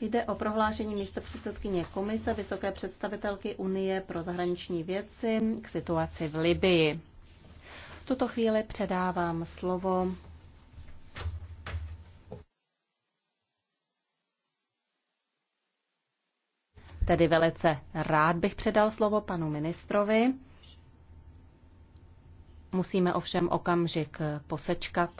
Jde o prohlášení místopředsedkyně Komise Vysoké představitelky Unie pro zahraniční věci k situaci v Libii. V tuto chvíli předávám slovo Tedy velice rád bych předal slovo panu ministrovi. Musíme ovšem okamžik posečkat.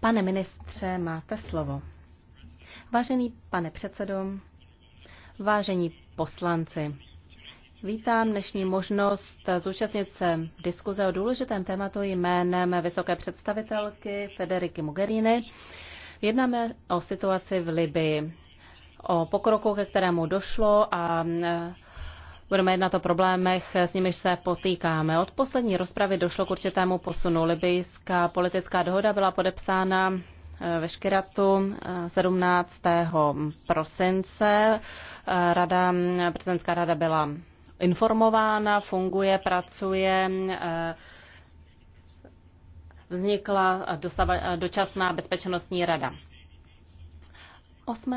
Pane ministře, máte slovo. Vážený pane předsedo, vážení poslanci, Vítám dnešní možnost zúčastnit se diskuze o důležitém tématu jménem vysoké představitelky Federiky Mogherini. Jednáme o situaci v Libii, o pokroku, ke kterému došlo a budeme jednat o problémech, s nimiž se potýkáme. Od poslední rozpravy došlo k určitému posunu. Libijská politická dohoda byla podepsána eh, ve Škiratu 17. Eh, prosince. Eh, rada, prezidentská rada byla informována, funguje, pracuje. Vznikla dosava, dočasná bezpečnostní rada. 8.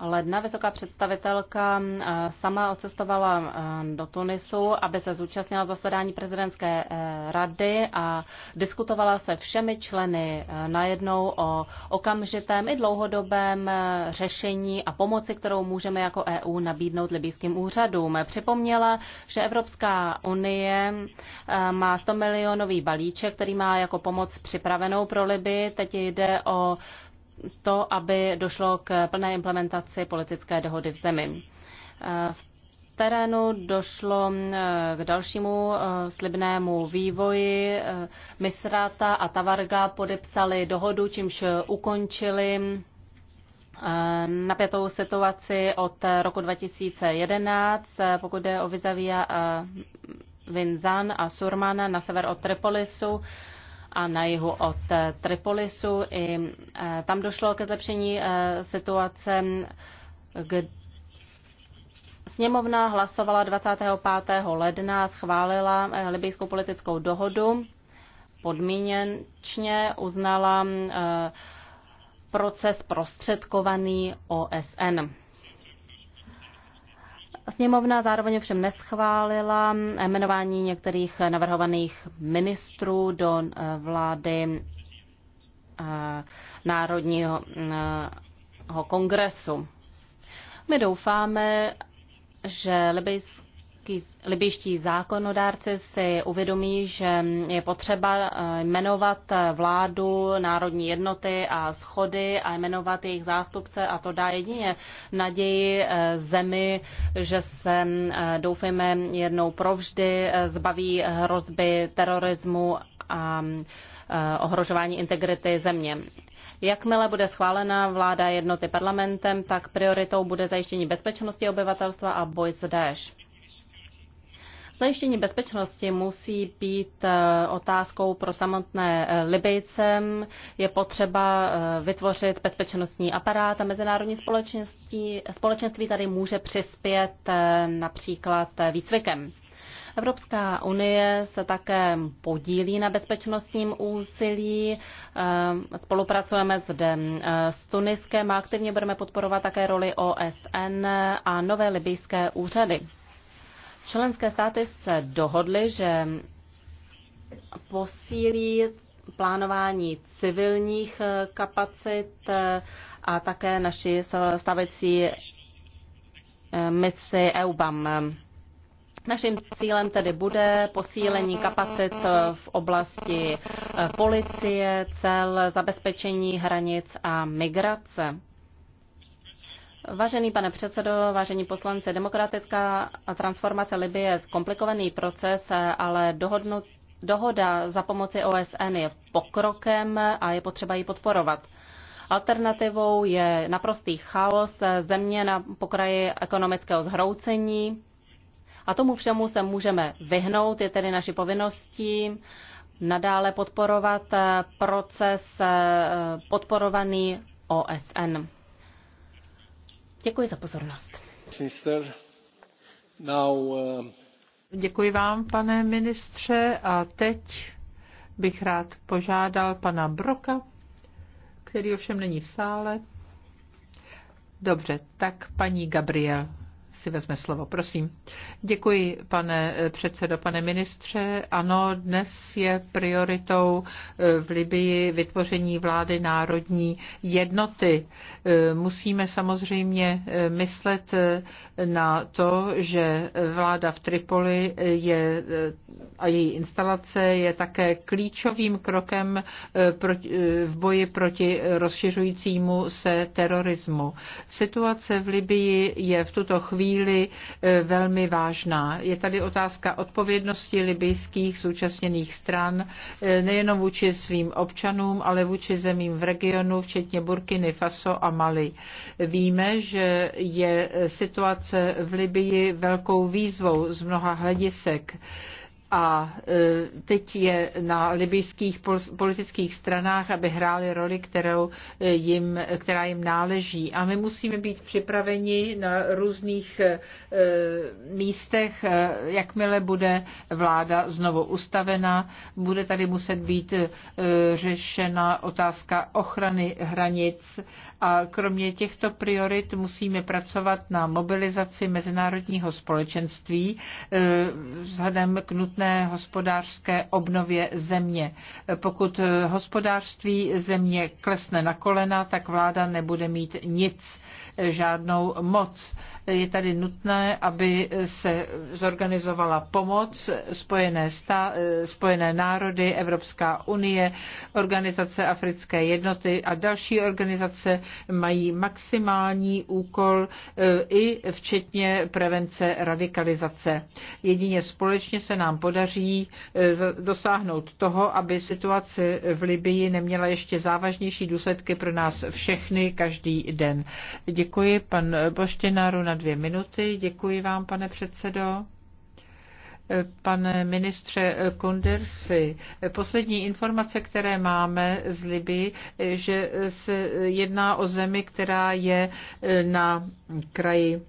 ledna vysoká představitelka eh, sama odcestovala eh, do Tunisu, aby se zúčastnila zasedání prezidentské eh, rady a diskutovala se všemi členy najednou o okamžitém i dlouhodobém řešení a pomoci, kterou můžeme jako EU nabídnout libýským úřadům. Připomněla, že Evropská unie má 100 milionový balíček, který má jako pomoc připravenou pro Liby. Teď jde o to, aby došlo k plné implementaci politické dohody v zemi. V terénu došlo eh, k dalšímu eh, slibnému vývoji. Eh, Misrata a Tavarga podepsali dohodu, čímž ukončili napětou situaci od roku 2011, pokud jde o Vizavia Vinzan a Surmana na sever od Tripolisu a na jihu od eh, Tripolisu. I eh, tam došlo ke zlepšení eh, situace, kde Sněmovna hlasovala 25. ledna, schválila libijskou politickou dohodu, podmíněčně uznala proces prostředkovaný OSN. Sněmovna zároveň všem neschválila jmenování některých navrhovaných ministrů do eh, vlády eh, Národního eh, kongresu. My doufáme, že libijský libyští zákonodárci si uvědomí, že je potřeba eh, jmenovat eh, vládu národní jednoty a schody a jmenovat jejich zástupce a to dá jedině naději eh, zemi, že se doufejme jednou provždy zbaví hrozby terorismu a ohrožování integrity země. Jakmile bude schválena vláda jednoty parlamentem, tak prioritou bude zajištění bezpečnosti obyvatelstva a boj s Daesh. Zajištění bezpečnosti musí být eh, otázkou pro samotné eh, Libyjce. Je potřeba eh, vytvořit bezpečnostní aparát a mezinárodní společenství, společenství tady může přispět například výcvikem. Evropská unie se také podílí na bezpečnostním úsilí. Spolupracujeme zde s Tuniskem a aktivně budeme podporovat také roli OSN a nové libijské úřady. Členské státy se dohodly, že posílí plánování civilních eh, kapacit eh, a také naši stavecí eh, misi EUBAM. Naším cílem tedy bude posílení kapacit v oblasti policie, cel, zabezpečení hranic a migrace. Vážený pane předsedo, vážení poslanci, demokratická transformace Libie je komplikovaný proces, ale dohodnut, dohoda za pomoci OSN je pokrokem a je potřeba ji podporovat. Alternativou je naprostý chaos země na pokraji ekonomického zhroucení. A tomu všemu se můžeme vyhnout, je tedy naší povinností nadále podporovat proces eh, podporovaný OSN. Děkuji za pozornost. Um, Děkuji vám, pane ministře, a teď bych rád požádal pana Broka, který ovšem není v sále. Dobře, tak paní Gabriel si vezme slovo. Prosím. Děkuji, pane eh, předsedo, pane ministře. Ano, dnes je prioritou eh, v Libii vytvoření vlády národní jednoty. Eh, musíme samozřejmě myslet na to, že vláda v Tripoli je, a její instalace je také klíčovým krokem v boji proti rozšiřujícímu se terorismu. Situace v Libii je v tuto chvíli chvíli e, velmi vážná. Je tady otázka odpovědnosti libijských současněných stran e, nejenom vůči svým občanům, ale vůči zemím v regionu, včetně Burkiny Faso a Mali. Víme, že je situace v Libii velkou výzvou z mnoha hledisek a e, teď je na libijských politických stranách, aby hráli roli, kterou e, jim, která jim náleží. A my musíme být připraveni na různých e, místech, jakmile bude vláda znovu ustavena, bude tady muset být řešena otázka ochrany hranic a kromě těchto priorit musíme pracovat na mobilizaci mezinárodního společenství vzhledem k nutné nutné hospodářské obnově země. Pokud hospodářství země klesne na kolena, tak vláda nebude mít nic, žádnou moc. Je tady nutné, aby se zorganizovala pomoc Spojené, stá, Spojené národy, Evropská unie, Organizace Africké jednoty a další organizace mají maximální úkol e, i včetně prevence radikalizace. Jedině společně se nám podaří podaří e, dosáhnout toho, aby situace v Libii neměla ještě závažnější důsledky pro nás všechny každý den. Děkuji pan Boštěnáru na dvě minuty. Děkuji vám, pane předsedo. E, pane ministře Kondersi, poslední informace, které máme z Liby, e, že se jedná o zemi, která je na kraji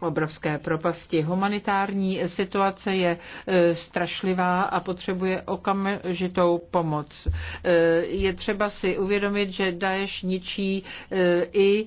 obrovské propasti. Humanitární situace je e, strašlivá a potřebuje okamžitou pomoc. E, je třeba si uvědomit, že Daesh ničí e, i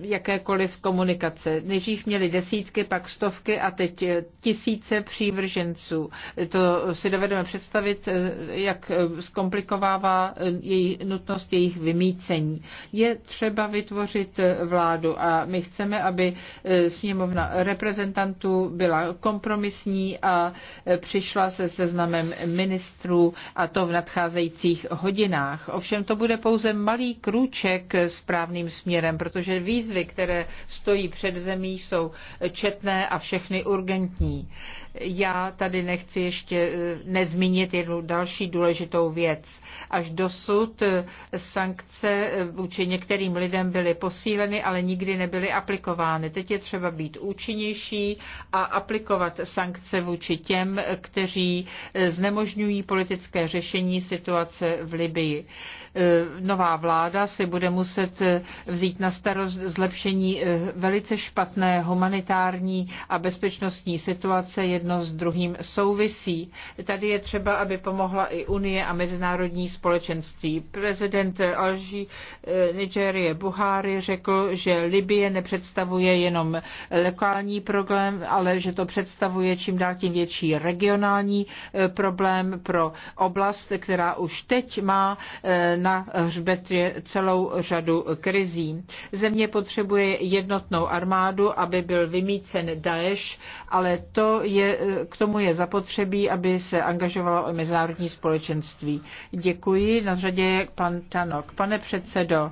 jakékoliv komunikace. Nejdřív měli desítky, pak stovky a teď tisíce přívrženců. To si dovedeme představit, jak zkomplikovává její, nutnost jejich vymícení. Je třeba vytvořit vládu a my chceme, aby E, sněmovna reprezentantů byla kompromisní a e, přišla se seznamem ministrů a to v nadcházejících hodinách. Ovšem to bude pouze malý krůček správným směrem, protože výzvy, které stojí před zemí, jsou četné a všechny urgentní. Já tady nechci ještě e, nezmínit jednu další důležitou věc. Až dosud sankce vůči některým lidem byly posíleny, ale nikdy nebyly aplikovány. Teď teď je třeba být účinnější a aplikovat sankce vůči těm, kteří eh, znemožňují politické řešení situace v Libii. Eh, nová vláda si bude muset eh, vzít na starost zlepšení velice špatné humanitární a bezpečnostní situace jedno s druhým souvisí. Tady je třeba, aby pomohla i Unie a mezinárodní společenství. Prezident Alží Nigerie Buhari řekl, že Libie nepředstavuje jen jenom lokální problém, ale že to představuje čím dál tím větší regionální eh, problém pro oblast, která už teď má eh, na hřbetě celou řadu krizí. Země potřebuje jednotnou armádu, aby byl vymícen Daesh, ale to je, eh, k tomu je zapotřebí, aby se angažovalo o mezinárodní společenství. Děkuji. Na řadě je pan Tanok. Pane předsedo,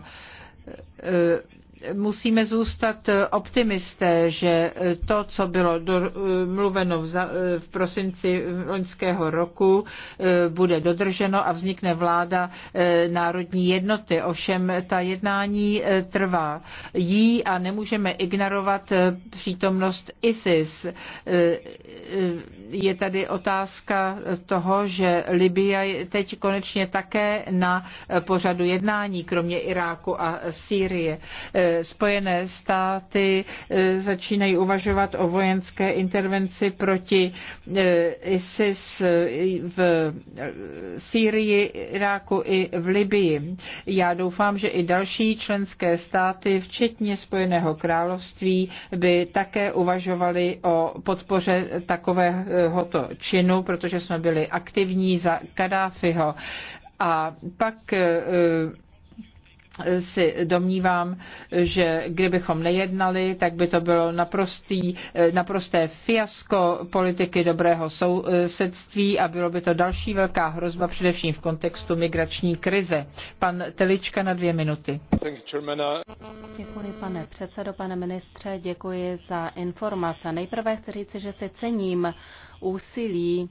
musíme zůstat optimisté, že to, co bylo mluveno v prosinci loňského roku, bude dodrženo a vznikne vláda eh, národní jednoty. Ovšem ta jednání eh, trvá jí a nemůžeme ignorovat eh, přítomnost ISIS. Je tady otázka toho, že Libye je teď konečně také na pořadu jednání, kromě Iráku a Sýrie Spojené státy eh, začínají uvažovat o vojenské intervenci proti eh, ISIS eh, v Sýrii, Iráku i v Libii. Já doufám, že i další členské státy, včetně Spojeného království, by také uvažovali o podpoře takovéhoto činu, protože jsme byli aktivní za Kadáfiho. A pak si domnívám, že kdybychom nejednali, tak by to bylo naprostý, naprosté fiasko politiky dobrého sousedství a bylo by to další velká hrozba, především v kontextu migrační krize. Pan Telička na dvě minuty. Děkuji, pane předsedo, pane ministře, děkuji za informace. Nejprve chci říci, že si cením úsilí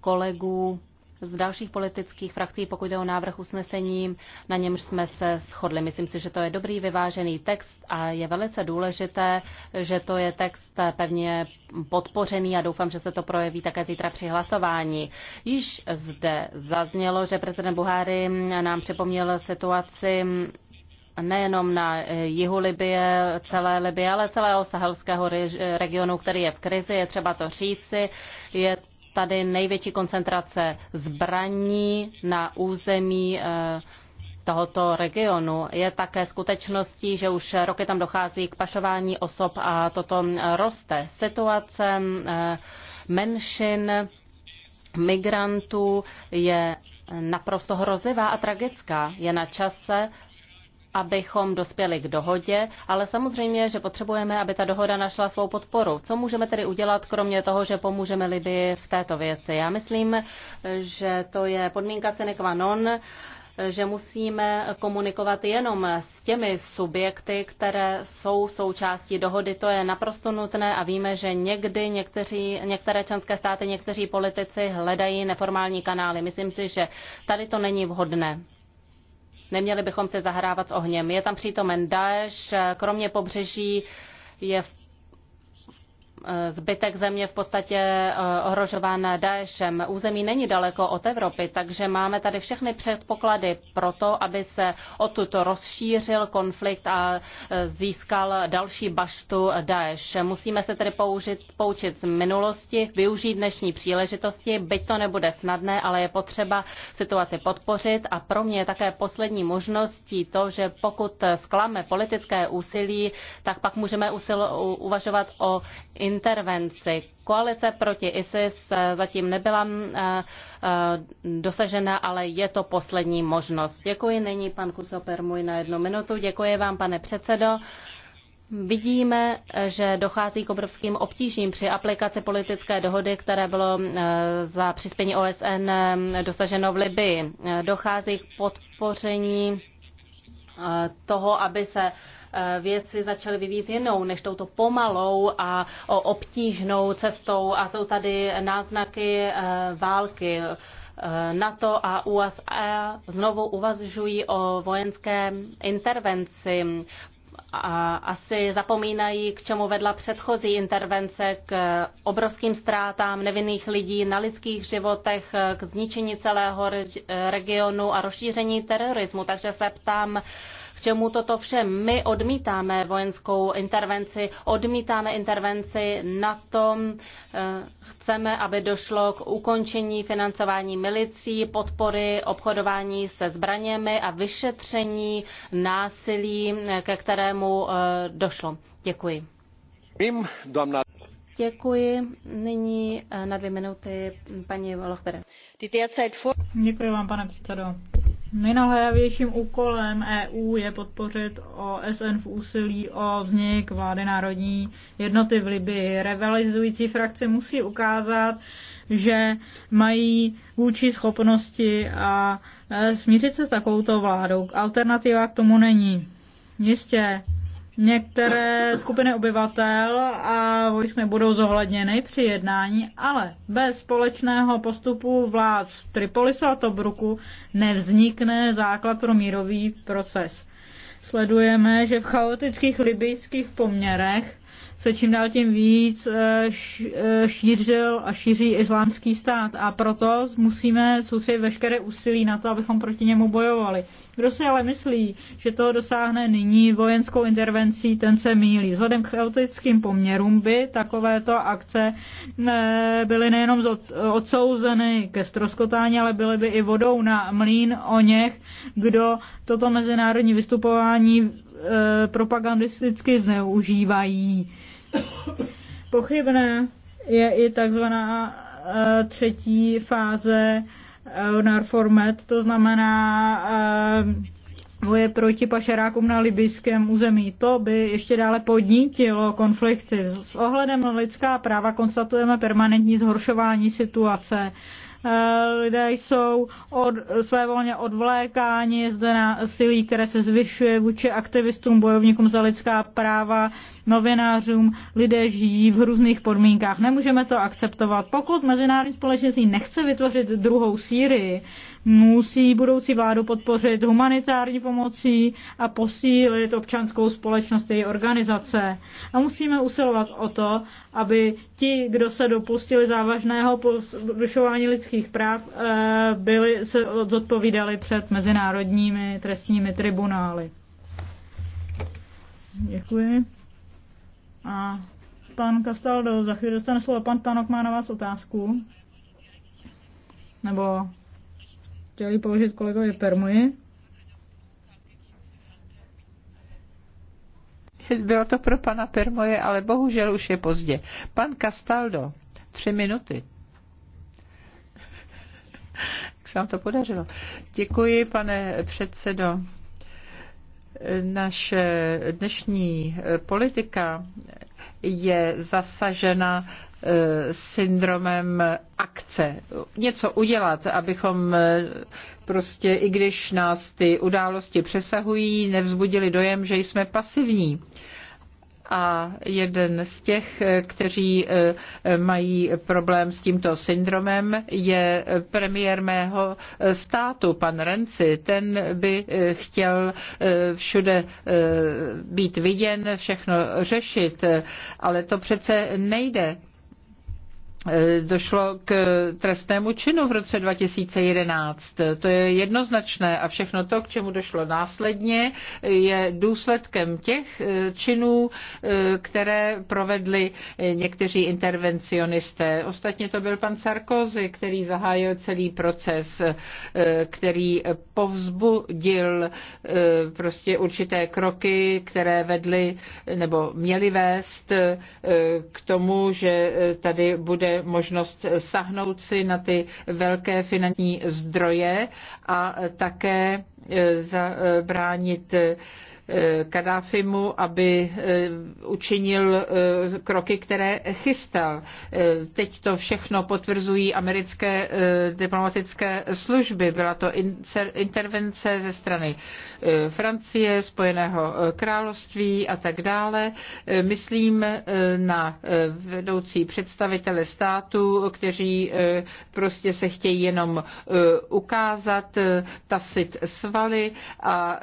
kolegů z dalších politických frakcí, pokud jde o návrh usnesení, na němž jsme se shodli. Myslím si, že to je dobrý vyvážený text a je velice důležité, že to je text pevně podpořený a doufám, že se to projeví také zítra při hlasování. Již zde zaznělo, že prezident Buhari nám připomněl situaci nejenom na jihu Libie, celé Libie, ale celého sahelského regionu, který je v krizi, je třeba to říci. Je tady největší koncentrace zbraní na území eh, tohoto regionu. Je také skutečností, že už roky tam dochází k pašování osob a toto mm, roste. Situace mm, eh, menšin, migrantů je naprosto hrozivá a tragická. Je na čase, abychom dospěli k dohodě, ale samozřejmě, že potřebujeme, aby ta dohoda našla svou podporu. Co můžeme tedy udělat, kromě toho, že pomůžeme Libii v této věci? Já myslím, že to je podmínka sine qua non, že musíme komunikovat jenom s těmi subjekty, které jsou součástí dohody. To je naprosto nutné a víme, že někdy někteří, některé členské státy, někteří politici hledají neformální kanály. Myslím si, že tady to není vhodné. Neměli bychom se zahrávat s ohněm. Je tam přítomen Daesh, kromě pobřeží je v Eh, zbytek země v podstatě eh, ohrožován Daešem. Území není daleko od Evropy, takže máme tady všechny předpoklady pro to, aby se odtud rozšířil konflikt a eh, získal další baštu Daeš. Musíme se tedy použit, poučit z minulosti, využít dnešní příležitosti, byť to nebude snadné, ale je potřeba situaci podpořit a pro mě je také poslední možností to, že pokud zklame politické úsilí, tak pak můžeme usil, uvažovat o in intervenci. Koalice proti ISIS eh, zatím nebyla eh, eh, dosažena, ale je to poslední možnost. Děkuji. Nyní pan Kusoper můj na jednu minutu. Děkuji vám, pane předsedo. Vidíme, že dochází k obrovským obtížím při aplikaci politické dohody, které bylo za přispění OSN dosaženo v Libii. Dochází k podpoření toho, aby se Eh, věci začaly vyvíjet jinou než touto pomalou a obtížnou cestou a jsou tady náznaky eh, války. Eh, NATO a USA znovu uvažují o vojenské intervenci a asi zapomínají, k čemu vedla předchozí intervence, k obrovským ztrátám nevinných lidí na lidských životech, k zničení celého regionu a rozšíření terorismu. Takže se ptám, čemu toto vše. My odmítáme vojenskou intervenci, odmítáme intervenci na tom, eh, chceme, aby došlo k ukončení financování milicí, podpory obchodování se zbraněmi a vyšetření násilí, eh, ke kterému eh, došlo. Děkuji. Děkuji. Nyní na dvě minuty paní Lochbere. Děkuji vám, pane předsedo. Nejnalhajavějším úkolem EU je podpořit OSN v úsilí o vznik vlády národní jednoty v Libii. Revalizující frakce musí ukázat, že mají vůči schopnosti a e, smířit se s takovouto vládou. Alternativa k tomu není. Jistě některé skupiny obyvatel a vojsk nebudou zohledněny při jednání, ale bez společného postupu vlád v Tripolisu a Tobruku nevznikne základ pro mírový proces. Sledujeme, že v chaotických libijských poměrech se čím dál tím víc eh, eh, šířil a šíří islámský stát a proto musíme soustředit veškeré úsilí na to, abychom proti němu bojovali. Kdo si ale myslí, že to dosáhne nyní vojenskou intervencí, ten se mílí. Vzhledem k chaotickým poměrům by takovéto akce eh, byly nejenom odsouzeny ke stroskotání, ale byly by i vodou na mlín o něch, kdo toto mezinárodní vystupování propagandisticky zneužívají. Pochybné je i takzvaná eh, třetí fáze eh, Narformet, to znamená eh, boje proti pašerákům na libyském území. To by ještě dále podnítilo konflikty. S ohledem na lidská práva konstatujeme permanentní zhoršování situace. Lidé jsou od, své volně odvlékáni, je zde silí, které se zvyšuje vůči aktivistům, bojovníkům za lidská práva, novinářům. Lidé žijí v různých podmínkách. Nemůžeme to akceptovat. Pokud mezinárodní společenství nechce vytvořit druhou Sýrii, musí budoucí vládu podpořit humanitární pomocí a posílit občanskou společnost její organizace. A musíme usilovat o to, aby ti, kdo se dopustili závažného porušování lidských práv, eh, byli, se zodpovídali před mezinárodními trestními tribunály. Děkuji. A pan Castaldo za chvíli dostane slovo. Pan Tanok má na vás otázku. Nebo chtěli položit kolegovi Permuji. Bylo to pro pana Permoje, ale bohužel už je pozdě. Pan Castaldo, tři minuty. Jak se vám to podařilo? Děkuji, pane předsedo. Naše dnešní eh, politika je zasažena eh, syndromem akce. Něco udělat, abychom eh, prostě, i když nás ty události přesahují, nevzbudili dojem, že jsme pasivní a jeden z těch, kteří e, mají problém s tímto syndromem, je premiér mého státu, pan Renci. Ten by e, chtěl e, všude být viděn, všechno řešit, ale to přece nejde. Eh, došlo k trestnému činu v roce 2011. To je jednoznačné a všechno to, k čemu došlo následně, je důsledkem těch eh, činů, eh, které provedli někteří intervencionisté. Ostatně to byl pan Sarkozy, který zahájil celý proces, který povzbudil prostě určité kroky, které vedly nebo měly vést k tomu, že tady bude možnost sahnout si na ty velké finanční zdroje a také eh, zabránit eh, Kadáfimu, aby eh, učinil eh, kroky, které chystal. Eh, teď to všechno potvrzují americké diplomatické služby. Byla to intervence ze strany Francie, Spojeného království a tak dále. Myslím na vedoucí představitele státu, kteří prostě se chtějí jenom ukázat, tasit svaly a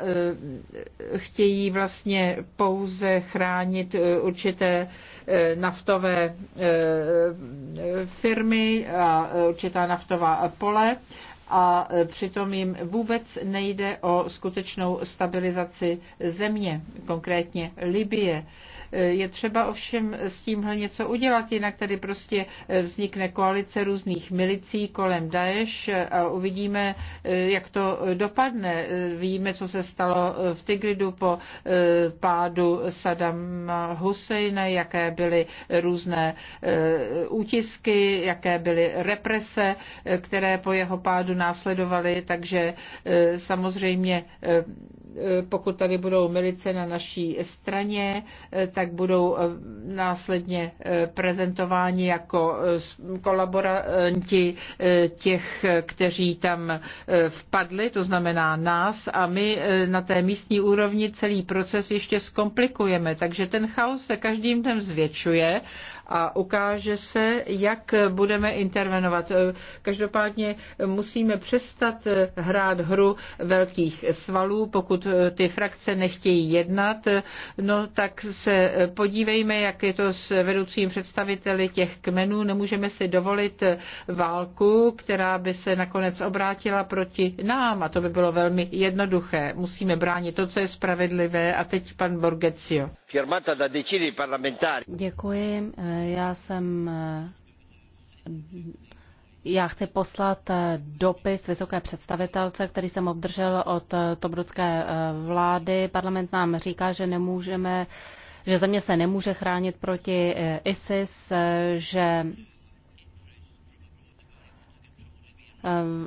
chtějí vlastně pouze chránit eh, určité eh, naftové eh, firmy a určitá naftová pole a přitom jim vůbec nejde o skutečnou stabilizaci země, konkrétně Libie. Je třeba ovšem s tímhle něco udělat, jinak tady prostě vznikne koalice různých milicí kolem Daesh a uvidíme, jak to dopadne. Víme, co se stalo v Tigridu po eh, pádu Saddam Husseina, jaké byly různé eh, útisky, jaké byly represe, eh, které po jeho pádu následovaly, takže samozřejmě Eh, pokud tady budou milice na naší straně, eh, tak budou eh, následně prezentováni jako kolaboranti těch, kteří tam vpadli, to znamená nás, a my na té místní úrovni celý proces ještě zkomplikujeme. Takže ten chaos se každým dnem zvětšuje a ukáže se, jak budeme intervenovat. Každopádně musíme přestat hrát hru velkých svalů, pokud ty frakce nechtějí jednat, no tak se podívejme, jak je to s vedoucím představiteli těch kmenů. Nemůžeme si dovolit válku, která by se nakonec obrátila proti nám a to by bylo velmi jednoduché. Musíme bránit to, co je spravedlivé a teď pan Borgecio. Děkuji. Já jsem eh, já chci poslat eh, dopis vysoké představitelce, který jsem obdržel od eh, tobrucké vlády. Parlament nám říká, že nemůžeme, že země se nemůže chránit proti ISIS, že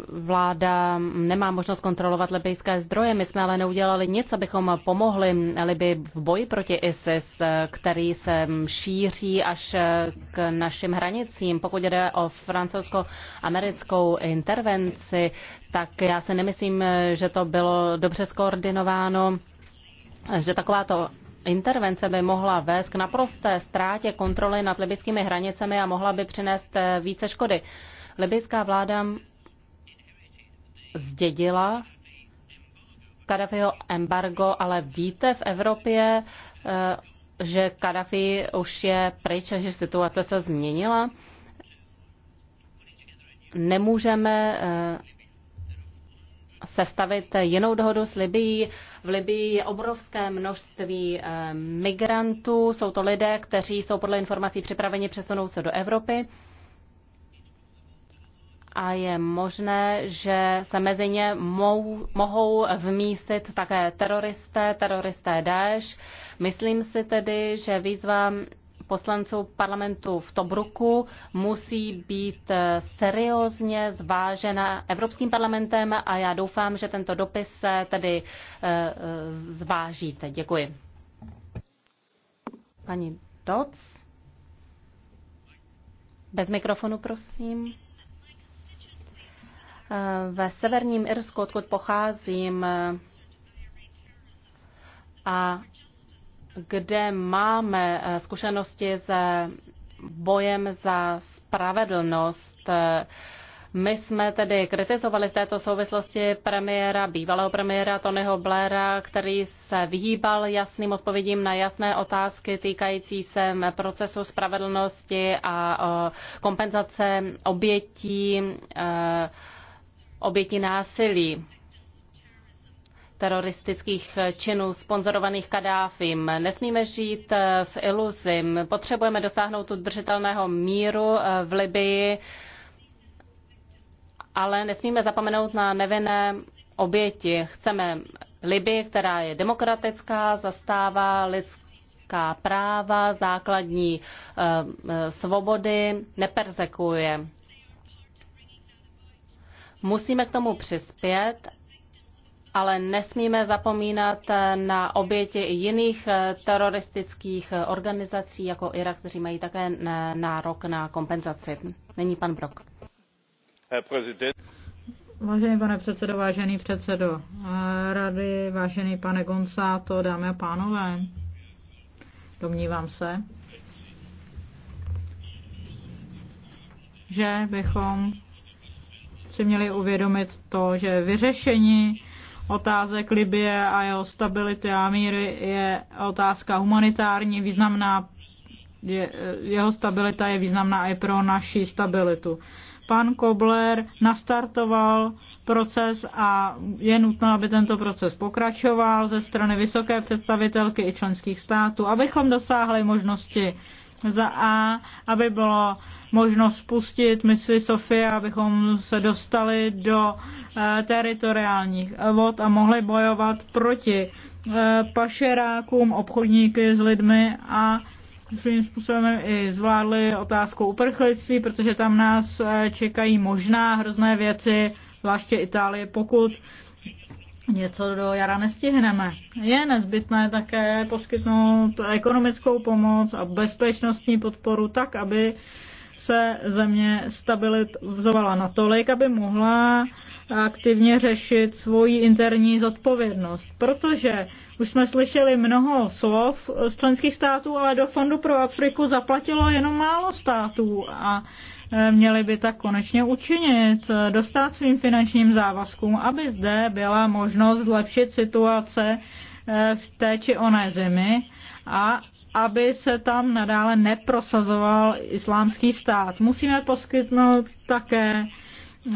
vláda nemá možnost kontrolovat libyjské zdroje. My jsme ale neudělali nic, abychom pomohli Liby v boji proti ISIS, který se šíří až k našim hranicím. Pokud jde o francouzsko-americkou intervenci, tak já si nemyslím, že to bylo dobře skoordinováno, že takováto intervence by mohla vést k naprosté ztrátě kontroly nad libyskými hranicemi a mohla by přinést více škody. Libyská vláda zdědila Kadafiho embargo, ale víte v Evropě, eh, že Kadafi už je pryč a že situace se změnila. Nemůžeme eh, sestavit jinou dohodu s Libií. V Libii je obrovské množství eh, migrantů, jsou to lidé, kteří jsou podle informací připraveni přesunout se do Evropy a je možné, že se mezi ně mou, mohou vmísit také teroristé, teroristé Daesh. Myslím si tedy, že výzva poslanců parlamentu v Tobruku musí být eh, seriózně zvážena Evropským parlamentem a já doufám, že tento dopis se tedy eh, eh, zvážíte. Děkuji. Pani Doc? Bez mikrofonu, prosím. Eh, ve severním Irsku, odkud pocházím, eh, a kde máme eh, zkušenosti s bojem za spravedlnost, my jsme tedy kritizovali v této souvislosti premiéra, bývalého premiéra Tonyho Blaira, který se vyhýbal jasným odpovědím na jasné otázky týkající se procesu spravedlnosti a kompenzace obětí oběti násilí teroristických činů sponzorovaných Kadáfim. Nesmíme žít v iluzi. Potřebujeme dosáhnout udržitelného míru v Libii, ale nesmíme zapomenout na nevinné oběti. Chceme Libii, která je demokratická, zastává lidská práva, základní eh, eh, svobody, neperzekuje Musíme k tomu přispět, ale nesmíme zapomínat na oběti jiných eh, teroristických eh, organizací jako Irak, kteří mají také eh, nárok na kompenzaci. Není pan Brok. Vážený pane předsedo, vážený předsedo rady, vážený pane Gonzáto, dámy a pánové, domnívám se, že bychom si měli uvědomit to, že vyřešení otázek Libie a jeho stability a míry je otázka humanitární, významná, je, jeho stabilita je významná i pro naši stabilitu. Pan Kobler nastartoval proces a je nutno, aby tento proces pokračoval ze strany vysoké představitelky i členských států, abychom dosáhli možnosti za A, aby bylo možno spustit misi Sofie, abychom se dostali do eh, teritoriálních vod a mohli bojovat proti eh, pašerákům, obchodníky s lidmi a svým způsobem i zvládli otázku uprchlictví, protože tam nás eh, čekají možná hrozné věci, zvláště Itálie, pokud něco do jara nestihneme. Je nezbytné také poskytnout ekonomickou pomoc a bezpečnostní podporu tak, aby se země stabilizovala natolik, aby mohla aktivně řešit svoji interní zodpovědnost. Protože už jsme slyšeli mnoho slov z členských států, ale do Fondu pro Afriku zaplatilo jenom málo států a měli by tak konečně učinit, dostat svým finančním závazkům, aby zde byla možnost zlepšit situace eh, v té či oné zemi a aby se tam nadále neprosazoval islámský stát. Musíme poskytnout také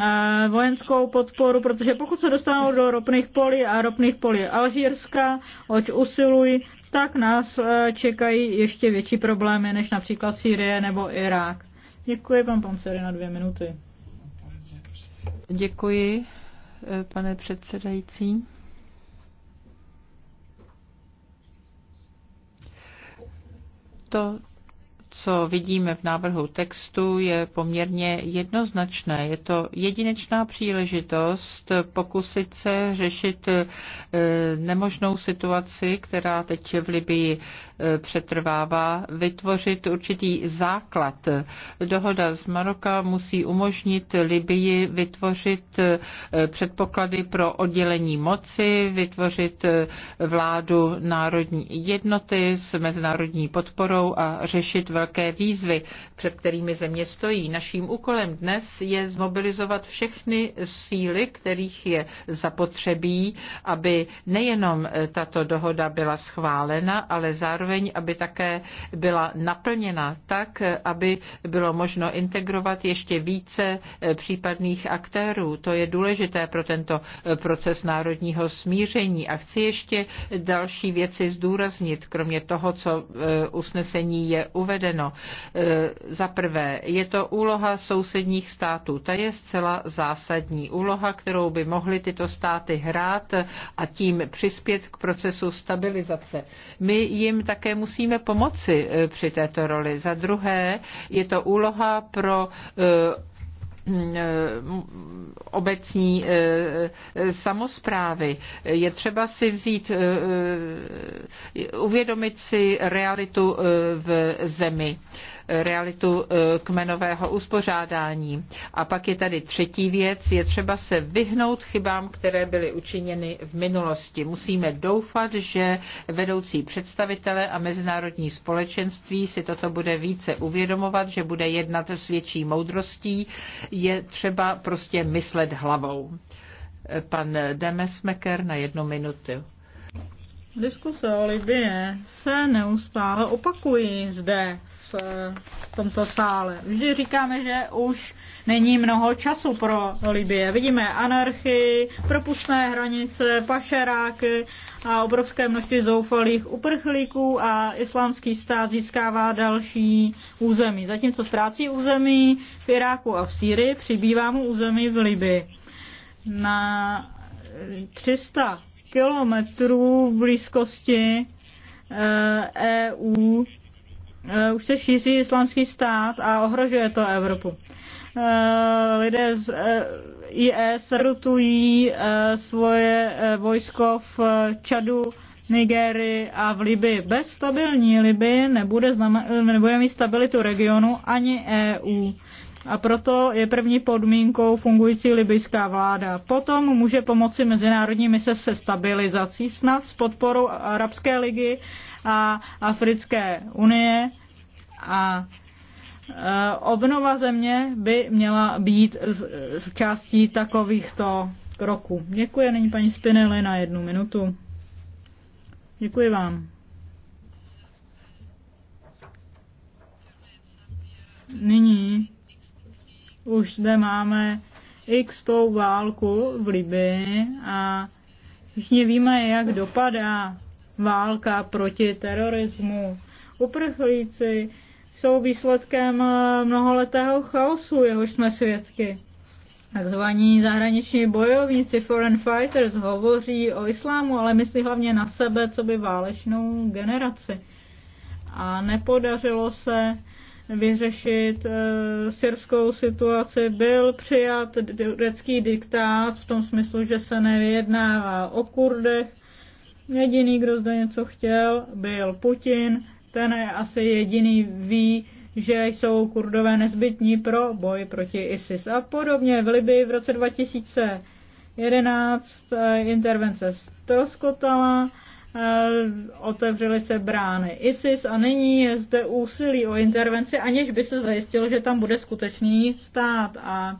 eh, vojenskou podporu, protože pokud se dostanou do ropných polí a ropných polí Alžírska, oč usilují, tak nás eh, čekají ještě větší problémy než například Sýrie nebo Irák. Děkuji, pan Pancery, na dvě minuty. Děkuji, eh, pane předsedající. To, co vidíme v návrhu textu, je poměrně jednoznačné. Je to jedinečná příležitost pokusit se řešit eh, nemožnou situaci, která teď v Libii Eh, přetrvává, vytvořit určitý základ. Dohoda z Maroka musí umožnit Libii vytvořit eh, předpoklady pro oddělení moci, vytvořit eh, vládu národní jednoty s mezinárodní podporou a řešit velké výzvy, před kterými země stojí. Naším úkolem dnes je zmobilizovat všechny síly, kterých je zapotřebí, aby nejenom tato dohoda byla schválena, ale zároveň zároveň, aby také byla naplněna tak, aby bylo možno integrovat ještě více eh, případných aktérů. To je důležité pro tento eh, proces národního smíření. A chci ještě další věci zdůraznit, kromě toho, co eh, usnesení je uvedeno. Za prvé, je to úloha sousedních států. Ta je zcela zásadní úloha, kterou by mohly tyto státy hrát a tím přispět k procesu stabilizace. My jim tak také musíme pomoci eh, při této roli. Za druhé, je to úloha pro eh, eh, obecní samozprávy. Je třeba si vzít, uvědomit si realitu v zemi realitu e, kmenového uspořádání. A pak je tady třetí věc, je třeba se vyhnout chybám, které byly učiněny v minulosti. Musíme doufat, že vedoucí představitelé a mezinárodní společenství si toto bude více uvědomovat, že bude jednat s větší moudrostí. Je třeba prostě myslet hlavou. Pan Demesmeker na jednu minutu. Diskuse o Libie se neustále opakují zde v tomto sále. Vždy říkáme, že už není mnoho času pro Libie. Vidíme anarchii, propustné hranice, pašeráky a obrovské množství zoufalých uprchlíků a islámský stát získává další území. Zatímco ztrácí území v Iráku a v Sýrii, přibývá mu území v Libii. Na 300 kilometrů v blízkosti EU eh, e Eh, už se šíří islámský stát a ohrožuje to Evropu. Eh, lidé z eh, IS rutují svoje vojsko v Čadu, Nigérii a v Libii. Bez stabilní Libii nebude, znamená, nebude mít stabilitu regionu ani EU a proto je první podmínkou fungující libyská vláda. Potom může pomoci mezinárodní mise se stabilizací, snad s podporou Arabské ligy a Africké unie a eh, obnova země by měla být součástí takovýchto kroků. Děkuji, není paní Spinelli na jednu minutu. Děkuji vám. Nyní už zde máme x tou válku v Libii a všichni víme, jak dopadá válka proti terorismu. Uprchlíci jsou výsledkem mnoholetého chaosu, jehož jsme svědky. Takzvaní zahraniční bojovníci foreign fighters hovoří o islámu, ale myslí hlavně na sebe, co by válečnou generaci. A nepodařilo se vyřešit eh, syrskou situaci, byl přijat turecký diktát v tom smyslu, že se nevyjednává o Kurdech. Jediný, kdo zde něco chtěl, byl Putin. Ten je asi jediný ví, že jsou kurdové nezbytní pro boj proti ISIS. A podobně v Libii v roce 2011 eh, intervence stroskotala otevřely se brány ISIS a nyní je zde úsilí o intervenci, aniž by se zajistilo, že tam bude skutečný stát a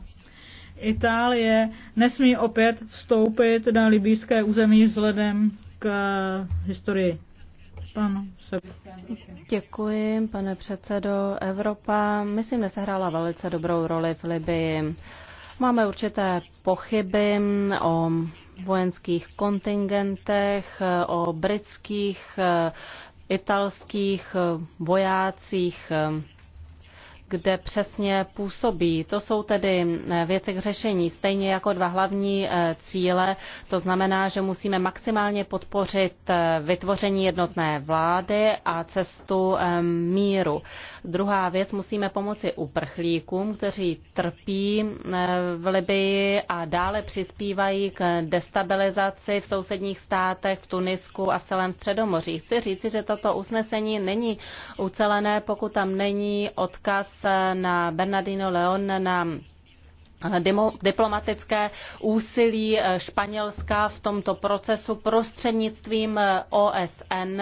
Itálie nesmí opět vstoupit na libýské území vzhledem k historii. Děkuji, pane předsedo. Evropa, myslím, nesehrála velice dobrou roli v Libii. Máme určité pochyby o vojenských kontingentech, eh, o britských, eh, italských eh, vojácích kde přesně působí. To jsou tedy eh, věci k řešení, stejně jako dva hlavní eh, cíle. To znamená, že musíme maximálně podpořit eh, vytvoření jednotné vlády a cestu míru. Druhá věc, musíme pomoci uprchlíkům, kteří trpí v Libii a dále přispívají k destabilizaci v sousedních státech, v Tunisku a v celém Středomoří. Chci říci, že toto usnesení není ucelené, pokud tam není odkaz na Bernardino Leon na eh, diplomatické úsilí eh, Španělska v tomto procesu prostřednictvím eh, OSN.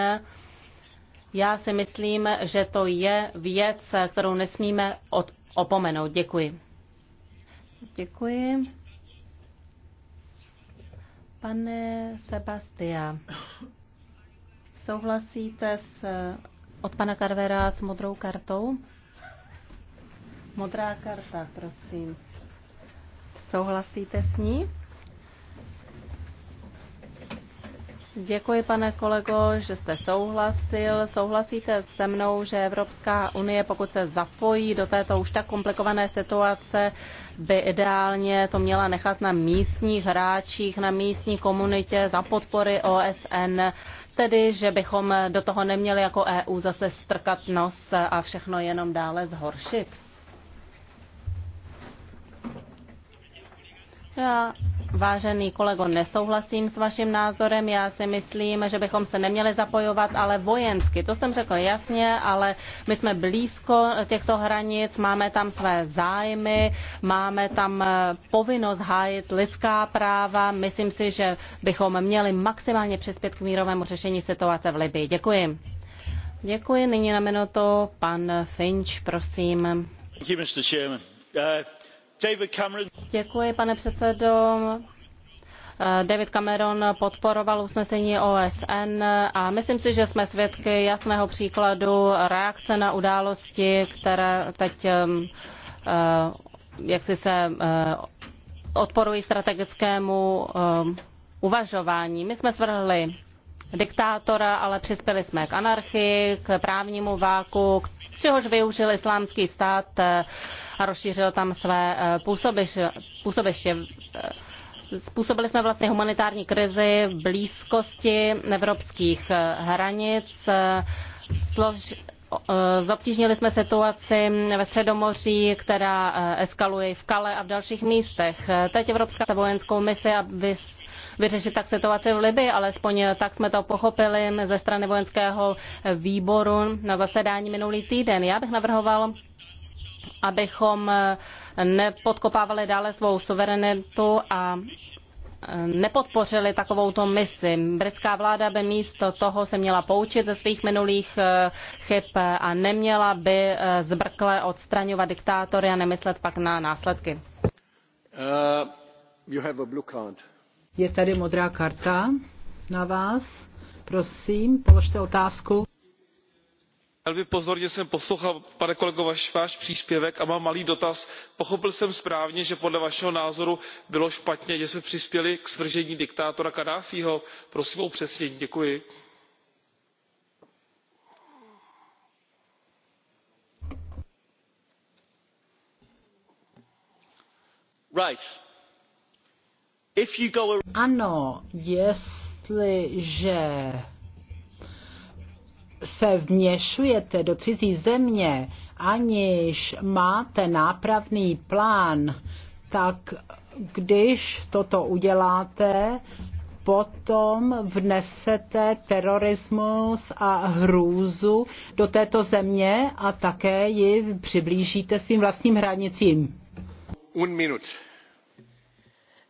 Já si myslím, že to je věc, kterou nesmíme od, opomenout. Děkuji. Děkuji. Pane Sebastia, souhlasíte s, od pana Carvera s modrou kartou? Modrá karta, prosím. Souhlasíte s ní? Děkuji, pane kolego, že jste souhlasil. Souhlasíte se mnou, že Evropská unie, pokud se zapojí do této už tak komplikované situace, by ideálně to měla nechat na místních hráčích, na místní komunitě za podpory OSN, tedy že bychom do toho neměli jako EU zase strkat nos a všechno jenom dále zhoršit. Já, vážený kolego, nesouhlasím s vaším názorem. Já si myslím, že bychom se neměli zapojovat, ale vojensky. To jsem řekl jasně, ale my jsme blízko těchto hranic, máme tam své zájmy, máme tam eh, povinnost hájit lidská práva. Myslím si, že bychom měli maximálně přispět k mírovému řešení situace v Libii. Děkuji. Děkuji. Nyní na minutu pan Finch, prosím. Děkuji, Děkuji, pane předsedo. Eh, David Cameron podporoval usnesení OSN a myslím si, že jsme svědky jasného příkladu reakce na události, které teď ehm, eh, jak si se eh, odporují strategickému ehm, uvažování. My jsme svrhli diktátora, ale přispěli jsme k anarchii, k právnímu váku, k čehož využil islámský stát eh, a rozšířil tam své eh, působiště. Eh, způsobili jsme vlastně humanitární krizi blízkosti evropských hranic, slož, Zobtížnili jsme situaci ve Středomoří, která eskaluje v Kale a v dalších místech. Teď Evropská vojenskou misi, aby vyřešit tak situaci v Libii, alespoň tak jsme to pochopili ze strany vojenského výboru na zasedání minulý týden. Já bych navrhoval, abychom nepodkopávali dále svou suverenitu a nepodpořili takovouto misi. Britská vláda by místo toho se měla poučit ze svých minulých eh, chyb a neměla by eh, zbrkle odstraňovat diktátory a nemyslet pak na následky. Uh, you have a blue card. Je tady modrá karta na vás. Prosím, položte otázku. Velmi pozorně jsem poslouchal, pane kolego, váš příspěvek a mám malý dotaz. Pochopil jsem správně, že podle vašeho názoru bylo špatně, že jsme přispěli k svržení diktátora Kadáfího? Prosím o upřesnění. Děkuji. Right Go... Ano, jestliže se vměšujete do cizí země, aniž máte nápravný plán, tak když toto uděláte, potom vnesete terorismus a hrůzu do této země a také ji přiblížíte svým vlastním hranicím. Un minut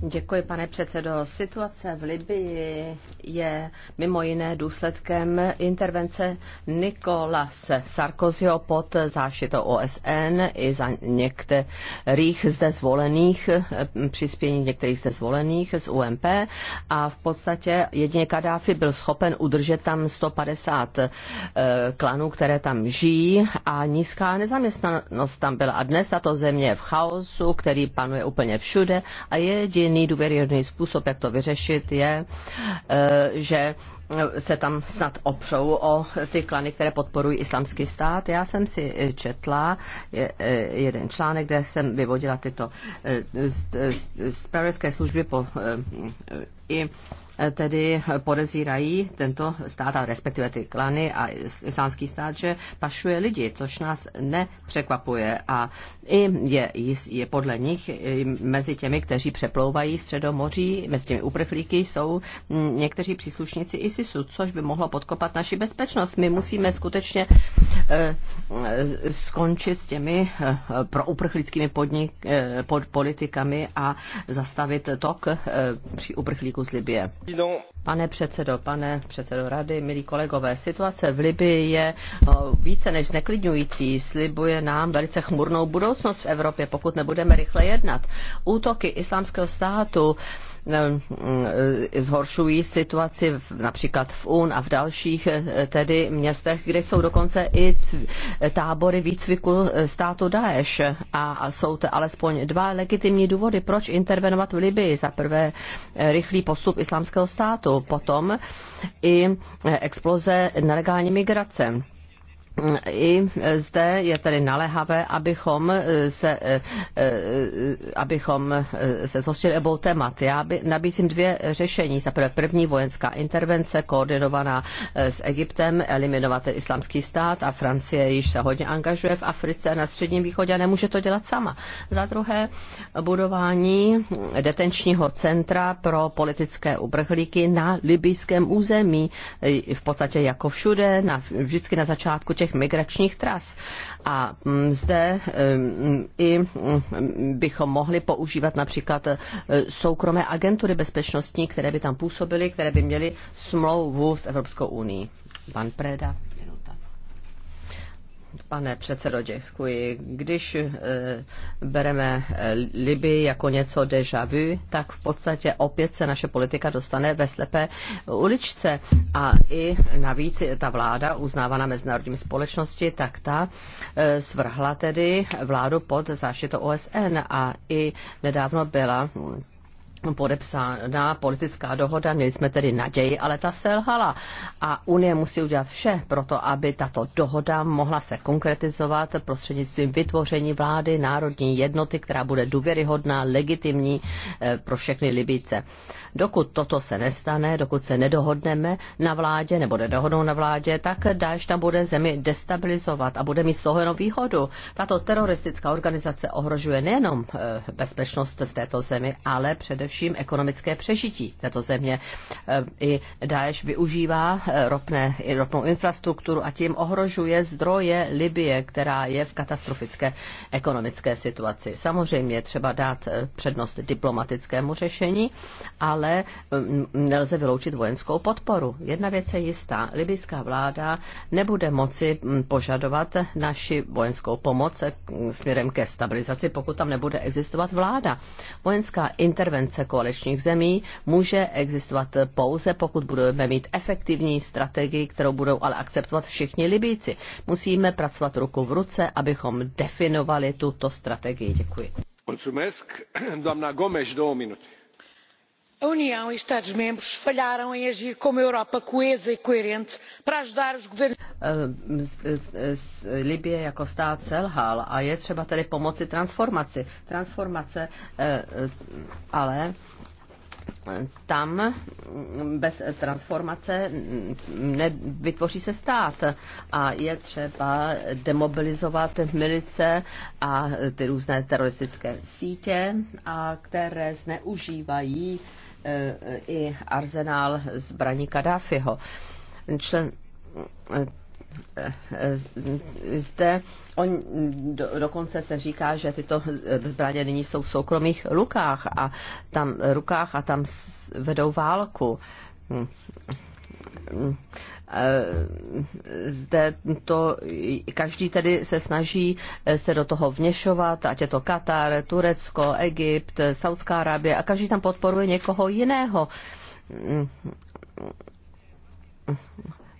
Děkuji, pane předsedo. Situace v Libii je mimo jiné důsledkem intervence Nikolase Sarkozyho pod záštitou OSN i za některých zde zvolených, přispění některých zde zvolených z UMP a v podstatě jedině Kadáfi byl schopen udržet tam 150 eh, klanů, které tam žijí a nízká nezaměstnanost tam byla. A dnes tato země je v chaosu, který panuje úplně všude a je jediný důvěryhodný způsob, jak to vyřešit, je, eh, že se tam snad opřou o ty klany, které podporují islamský stát. Já jsem si eh, četla eh, jeden článek, kde jsem vyvodila tyto z, z, z, z služby po i e, tedy podezírají tento stát, a respektive ty klany a islámský stát, že pašuje lidi, což nás nepřekvapuje. A i je, je podle nich mezi těmi, kteří přeplouvají středomoří, mezi těmi uprchlíky jsou někteří příslušníci ISISu, což by mohlo podkopat naši bezpečnost. My musíme skutečně e, e, skončit s těmi prouprchlickými podnik, pod politikami a zastavit tok při uprchlíku z Libie. No. Pane předsedo, pane předsedo rady, milí kolegové, situace v Libii je více než zneklidňující. Slibuje nám velice chmurnou budoucnost v Evropě, pokud nebudeme rychle jednat. Útoky islámského státu Mm, e, zhoršují situaci například v UN a v dalších e, tedy městech, kde jsou dokonce i tábory výcviku e, státu Daesh. A jsou to alespoň dva legitimní důvody, proč intervenovat v Libii. Za prvé rychlý postup islámského státu, potom i exploze nelegální migrace i zde je tedy naléhavé, abychom se, eh, abychom eh, se zhostili obou témat. Já by, nabízím dvě řešení. Za prvé první vojenská intervence koordinovaná eh, s Egyptem, eliminovat islamský stát a Francie již se hodně angažuje v Africe a na středním východě a nemůže to dělat sama. Za druhé budování detenčního centra pro politické uprchlíky na libijském území, v podstatě jako všude, na, vždycky na začátku těch těch migračních tras. A mm, zde mm, i mm, bychom mohli používat například e, soukromé agentury bezpečnostní, které by tam působily, které by měly smlouvu s Evropskou unii. Pan Preda. Pane předsedo, děkuji. Když e, bereme eh, Liby jako něco deja vu, tak v podstatě opět se naše politika dostane ve slepé eh, uličce. A i navíc ta vláda uznávaná mezinárodním společnosti, tak ta e, svrhla tedy vládu pod záštitou OSN a i nedávno byla hm, podepsána politická dohoda, měli jsme tedy naději, ale ta selhala. A Unie musí udělat vše pro to, aby tato dohoda mohla se konkretizovat prostřednictvím vytvoření vlády národní jednoty, která bude důvěryhodná, legitimní eh, pro všechny Libíce. Dokud toto se nestane, dokud se nedohodneme na vládě nebo nedohodnou na vládě, tak Daesh tam bude zemi destabilizovat a bude mít z toho jenom výhodu. Tato teroristická organizace ohrožuje nejenom eh, bezpečnost v této zemi, ale především především ekonomické přežití této země. E, I Daesh využívá e, ropné, ropnou infrastrukturu a tím ohrožuje zdroje Libie, která je v katastrofické ekonomické situaci. Samozřejmě je třeba dát e, přednost diplomatickému řešení, ale mm, nelze vyloučit vojenskou podporu. Jedna věc je jistá. Libyská vláda nebude moci mm, požadovat naši vojenskou pomoc směrem ke stabilizaci, pokud tam nebude existovat vláda. Vojenská intervence koalice koaličních zemí může existovat pouze, pokud budeme mít efektivní strategii, kterou budou ale akceptovat všichni Libíci. Musíme pracovat ruku v ruce, abychom definovali tuto strategii. Děkuji. Mulțumesc. Doamna Gomes, două minute a união e os estados membros falharam em agir como europa coesa e coerente para ajudar os governos. Eh, eh, eh, Libie jako stát selhal a je třeba tedy pomoci transformaci. Transformace ale tam mm, bez transformace mm, vytvoří se stát a je třeba demobilizovat milice a ty různé teroristické sítě, a které zneužívají i arzenál zbraní Kadáfiho. Člen, eh, eh, zde on, do, dokonce se říká, že tyto zbraně nyní jsou v soukromých rukách a tam, rukách a tam vedou válku Eh, zde to, každý tedy se snaží eh, se do toho vněšovat, ať je to Katar, Turecko, Egypt, eh, Saudská Arábie a každý tam podporuje někoho jiného.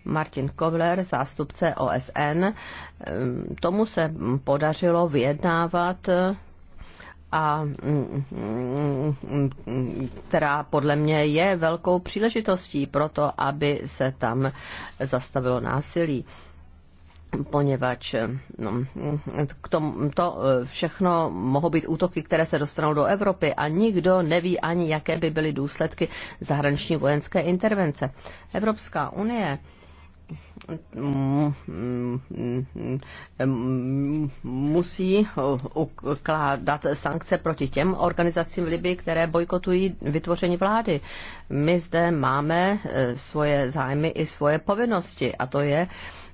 Martin Kovler, zástupce OSN, tomu se podařilo vyjednávat a která podle mě je velkou příležitostí pro to, aby se tam zastavilo násilí poněvadž no, k tom, to eh, všechno mohou být útoky, které se dostanou do Evropy a nikdo neví ani, jaké by byly důsledky zahraniční vojenské intervence. Evropská unie musí ukládat sankce proti těm organizacím v Libii, které bojkotují vytvoření vlády. My zde máme eh, svoje zájmy i svoje povinnosti a to je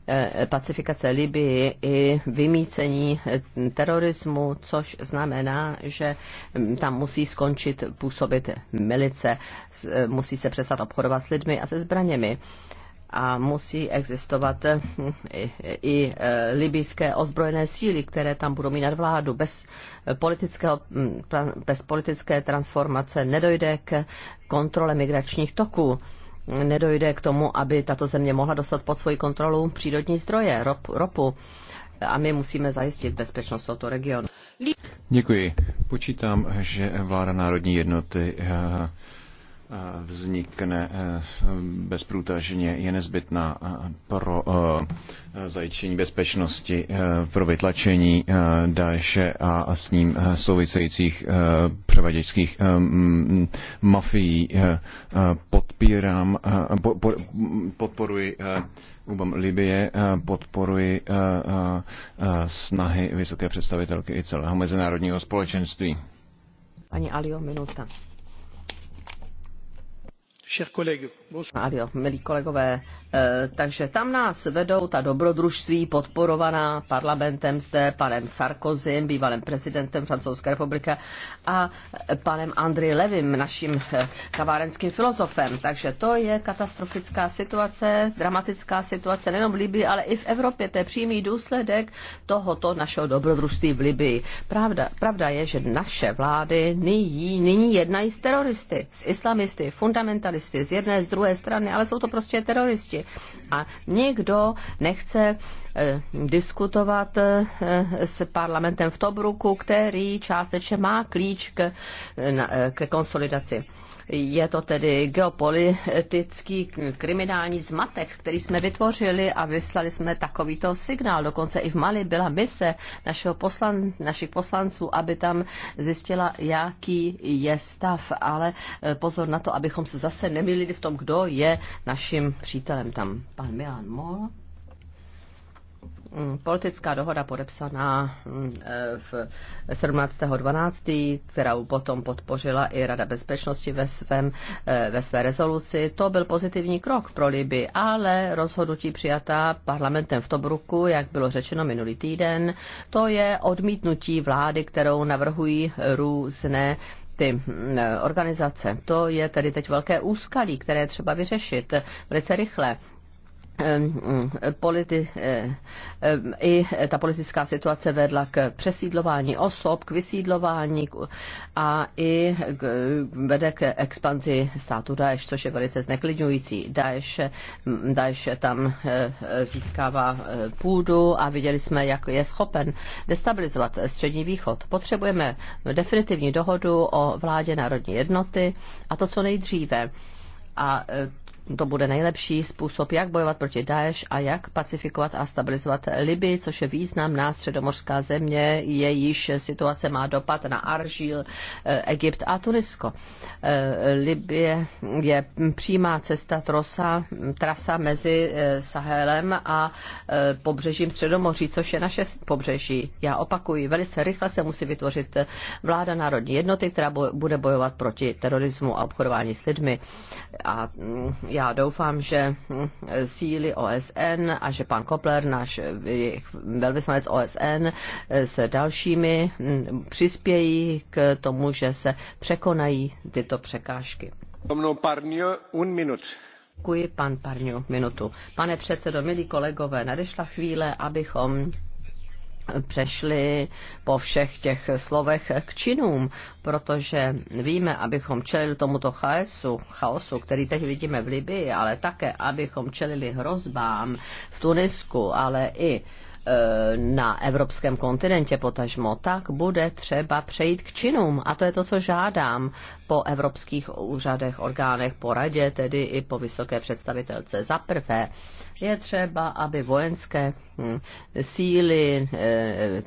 eh, pacifikace Libii i vymícení eh, terorismu, což znamená, že mm, tam musí skončit působit milice, musí se přestat obchodovat s lidmi a se zbraněmi a musí existovat eh, i, i eh, libijské ozbrojené síly, které tam budou mít vládu. Bez, politického, hm, bez politické transformace nedojde k kontrole migračních toků nedojde k tomu, aby tato země mohla dostat pod svoji kontrolu přírodní zdroje, rop, ropu. A my musíme zajistit bezpečnost tohoto regionu. Děkuji. Počítám, že vláda Národní jednoty eh, vznikne eh, bezprůtažně, je nezbytná eh, pro eh, zajištění bezpečnosti, pro vytlačení Daeše a s ním souvisejících převaděčských mafií. Podpírám, podporuji UBAM Libie, podporuji snahy vysoké představitelky i celého mezinárodního společenství. Ani Alio, minuta milí kolegové, eh, takže tam nás vedou ta dobrodružství podporovaná parlamentem zde, panem Sarkozym, bývalým prezidentem Francouzské republiky a panem Andrej Levim, naším eh, kavárenským filozofem. Takže to je katastrofická situace, dramatická situace nejenom v Libii, ale i v Evropě. To je přímý důsledek tohoto našeho dobrodružství v Libii. Pravda, pravda je, že naše vlády nyní, nyní jednají s teroristy, s islamisty, fundamentalisty teroristy z jedné, z druhé strany, ale jsou to prostě teroristi. A nikdo nechce eh, diskutovat eh, s parlamentem v Tobruku, který částečně má klíč k, eh, konsolidaci. Je to tedy geopolitický kriminální zmatek, který jsme vytvořili a vyslali jsme takovýto signál. Dokonce i v Mali byla mise našeho poslan, našich poslanců, aby tam zjistila, jaký je stav. Ale eh, pozor na to, abychom se zase nemýlili v tom, kdo je naším přítelem tam. Pan Milan Mohl. Mm, politická dohoda podepsaná mm, eh, v 17.12., kterou potom podpořila i Rada bezpečnosti ve, svém, eh, ve své rezoluci. To byl pozitivní krok pro Liby, ale rozhodnutí přijatá parlamentem v Tobruku, jak bylo řečeno minulý týden, to je odmítnutí vlády, kterou navrhují různé ty mm, eh, organizace. To je tedy teď velké úskalí, které třeba vyřešit velice rychle. Mm, politi, i ta politická situace vedla k přesídlování osob, k vysídlování a i k, vede k expanzi státu Daesh, což je velice zneklidňující. Daesh, mm, Daesh tam eh, získává eh, půdu a viděli jsme, jak je schopen destabilizovat střední východ. Potřebujeme definitivní dohodu o vládě národní jednoty a to co nejdříve. A eh, to bude nejlepší způsob, jak bojovat proti Daesh a jak pacifikovat a stabilizovat Libii, což je významná středomořská země, jejíž situace má dopad na Aržil, eh, Egypt a Tunisko. Eh, Libie je přímá cesta trosa, trasa mezi eh, Sahelem a pobřežím Středomoří, což je naše pobřeží. Já opakuji, velice rychle se musí vytvořit vláda národní jednoty, která bude bojovat proti terorismu a obchodování s lidmi. A mm, já doufám, že hm, síly OSN a že pan Kopler, náš velvyslanec OSN, eh, s dalšími hm, přispějí k tomu, že se překonají tyto překážky. Děkuji, pan Parňo, minutu. Pane předsedo, milí kolegové, nadešla chvíle, abychom přešli po všech těch slovech k činům, protože víme, abychom čelili tomuto chaosu, chaosu, který teď vidíme v Libii, ale také, abychom čelili hrozbám v Tunisku, ale i Eh, na evropském kontinentě potažmo, tak bude třeba přejít k činům. A to je to, co žádám po evropských úřadech, orgánech, poradě, tedy i po vysoké představitelce. Za prvé je třeba, aby vojenské hm, síly eh,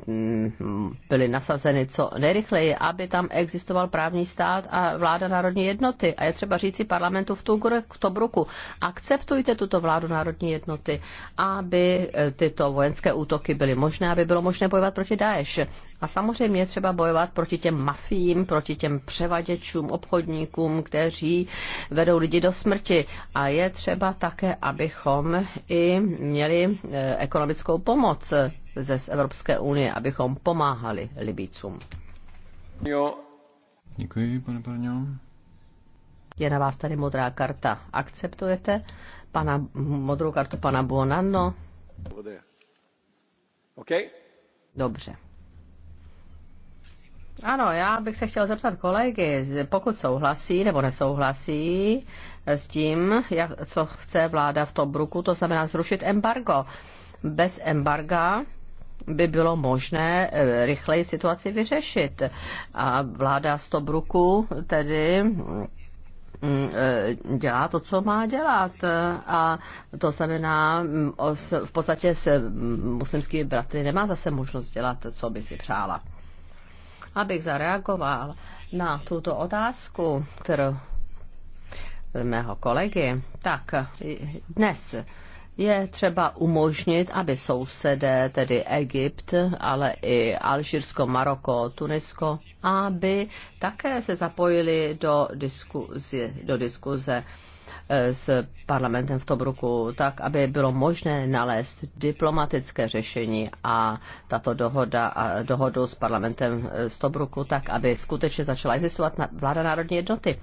byly nasazeny co nejrychleji, aby tam existoval právní stát a vláda národní jednoty. A je třeba říci parlamentu v, Tugr, v Tobruku, akceptujte tuto vládu národní jednoty, aby eh, tyto vojenské útoky útoky byly možné, aby bylo možné bojovat proti Daesh. A samozřejmě je třeba bojovat proti těm mafím, proti těm převaděčům, obchodníkům, kteří vedou lidi do smrti. A je třeba také, abychom i měli eh, ekonomickou pomoc ze Evropské unie, abychom pomáhali Libícům. Jo. Děkuji, pane Parňo. Je na vás tady modrá karta. Akceptujete pana, modrou kartu pana Buonanno. Bude. Dobře. Ano, já bych se chtěl zeptat kolegy, pokud souhlasí nebo nesouhlasí s tím, jak, co chce vláda v Tobruku, to znamená zrušit embargo. Bez embarga by bylo možné eh, rychleji situaci vyřešit. A vláda z Tobruku tedy Mm, e, dělá to, co má dělat. A to znamená, mm, v podstatě s mm, muslimskými bratry nemá zase možnost dělat, co by si přála. Abych zareagoval na tuto otázku, kterou mého kolegy, tak dnes je třeba umožnit, aby sousedé, tedy Egypt, ale i Alžírsko, Maroko, Tunisko, aby také se zapojili do diskuze, do diskuze eh, s parlamentem v Tobruku, tak aby bylo možné nalézt diplomatické řešení a tato dohoda a dohodu s parlamentem eh, z Tobruku, tak aby skutečně začala existovat vláda národní jednoty.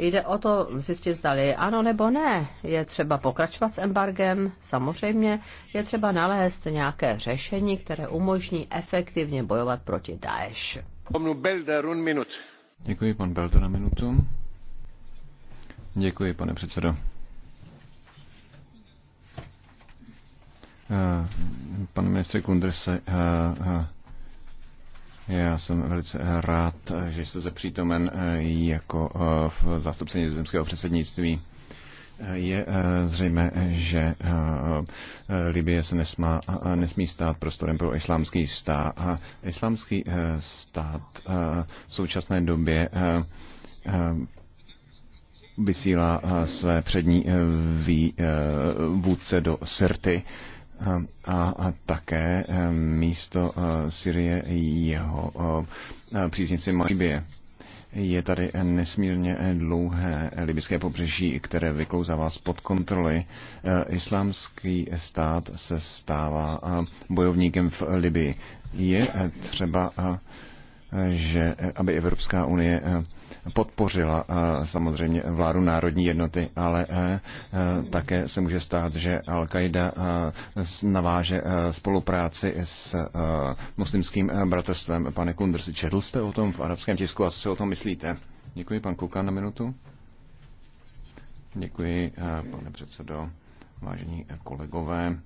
Jde o to zjistit, zda je ano nebo ne. Je třeba pokračovat s embargem, samozřejmě je třeba nalézt nějaké řešení, které umožní efektivně bojovat proti Daesh. Děkuji, pan Belder, na minutu. Děkuji, pane předsedo. Eh, pane ministře Kundr se eh, eh, já jsem velice rád, že jste se přítomen eh, jako eh, zástupce nizozemského předsednictví. Eh, je zřejmé, že Libie se nesmá, nesmí stát prostorem pro islámský stát. A islámský stát v současné době vysílá své přední vůdce do Sirty Ehm, a, a také ehm, místo eh, Syrie jeho eh, příznici Libie Je tady nesmírně dlouhé libyské pobřeží, které vyklouzává spod kontroly. Eh, islámský stát se stává bojovníkem v Libii. Je třeba, že aby Evropská unie podpořila eh, samozřejmě vládu národní jednoty, ale eh, eh, také se může stát, že Al-Qaida naváže spolupráci s muslimským bratrstvem. Pane Kundr, četl jste o tom v arabském tisku a co si o tom myslíte? Děkuji, pan Kuka, na minutu. Děkuji, pane předsedo, vážení kolegové.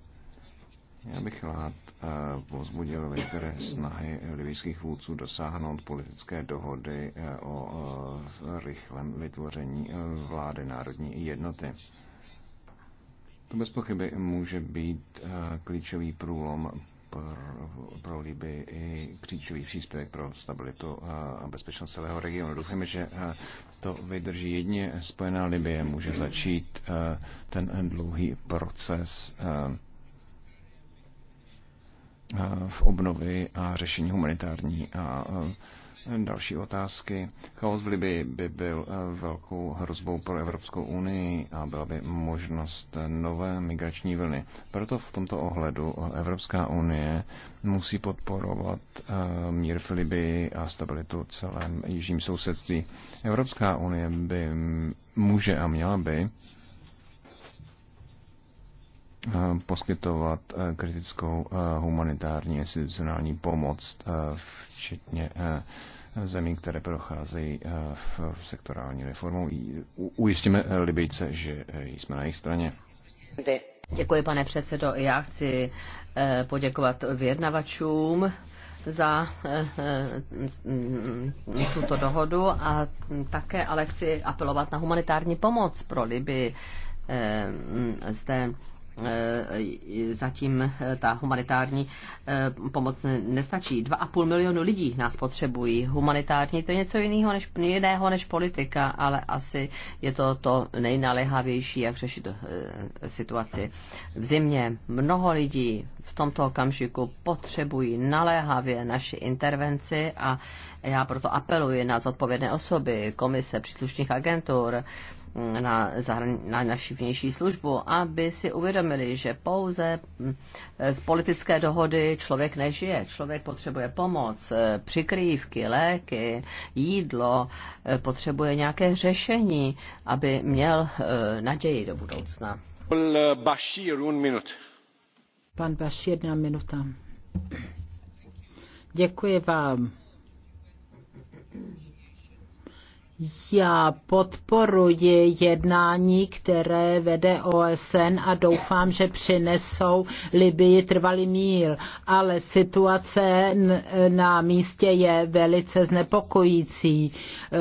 Já bych rád eh, pozbudil veškeré snahy libijských vůdců dosáhnout politické dohody eh, o eh, rychlém vytvoření vlády národní jednoty. To bez pochyby může být klíčový průlom pro Liby i klíčový příspěvek pro stabilitu a bezpečnost celého regionu. Doufáme, že to vydrží jedně spojená Libie, může začít ten dlouhý proces Eh, v obnovy a řešení humanitární a eh, Další otázky. Chaos v Libii by byl eh, velkou hrozbou pro Evropskou unii a byla by možnost nové migrační vlny. Proto v tomto ohledu Evropská unie musí podporovat mír v Libii a stabilitu v celém jižním sousedství. Evropská unie by může a měla by Eh, poskytovat eh, kritickou eh, humanitární institucionální pomoc, včetně zemí, které procházejí v sektorální reformou. Ujistíme Libyjce, že jsme na jejich straně. Děkuji, pane předsedo. Já chci poděkovat vyjednavačům za tuto dohodu a také ale chci apelovat na humanitární pomoc pro Liby zde Eh, eh, zatím eh, ta humanitární pomoc nestačí. 2,5 milionu lidí nás potřebují. Humanitární to je něco jiného než, jiného než politika, ale asi je to to nejnaléhavější, jak řešit situaci. V zimě mnoho lidí v tomto okamžiku potřebují naléhavě naši intervenci a já proto apeluji na zodpovědné osoby, komise příslušných agentur, na, zahrani- na naši vnější službu, aby si uvědomili, že pouze mm, z politické dohody člověk nežije. Člověk potřebuje pomoc, e, přikrývky, léky, jídlo, e, potřebuje nějaké řešení, aby měl e, naději do budoucna. minut. Pan Bashir, jedna minuta. Děkuji vám. Já podporuji jednání, které vede OSN a doufám, že přinesou Libii trvalý mír, ale situace na místě je velice znepokojící. Eh,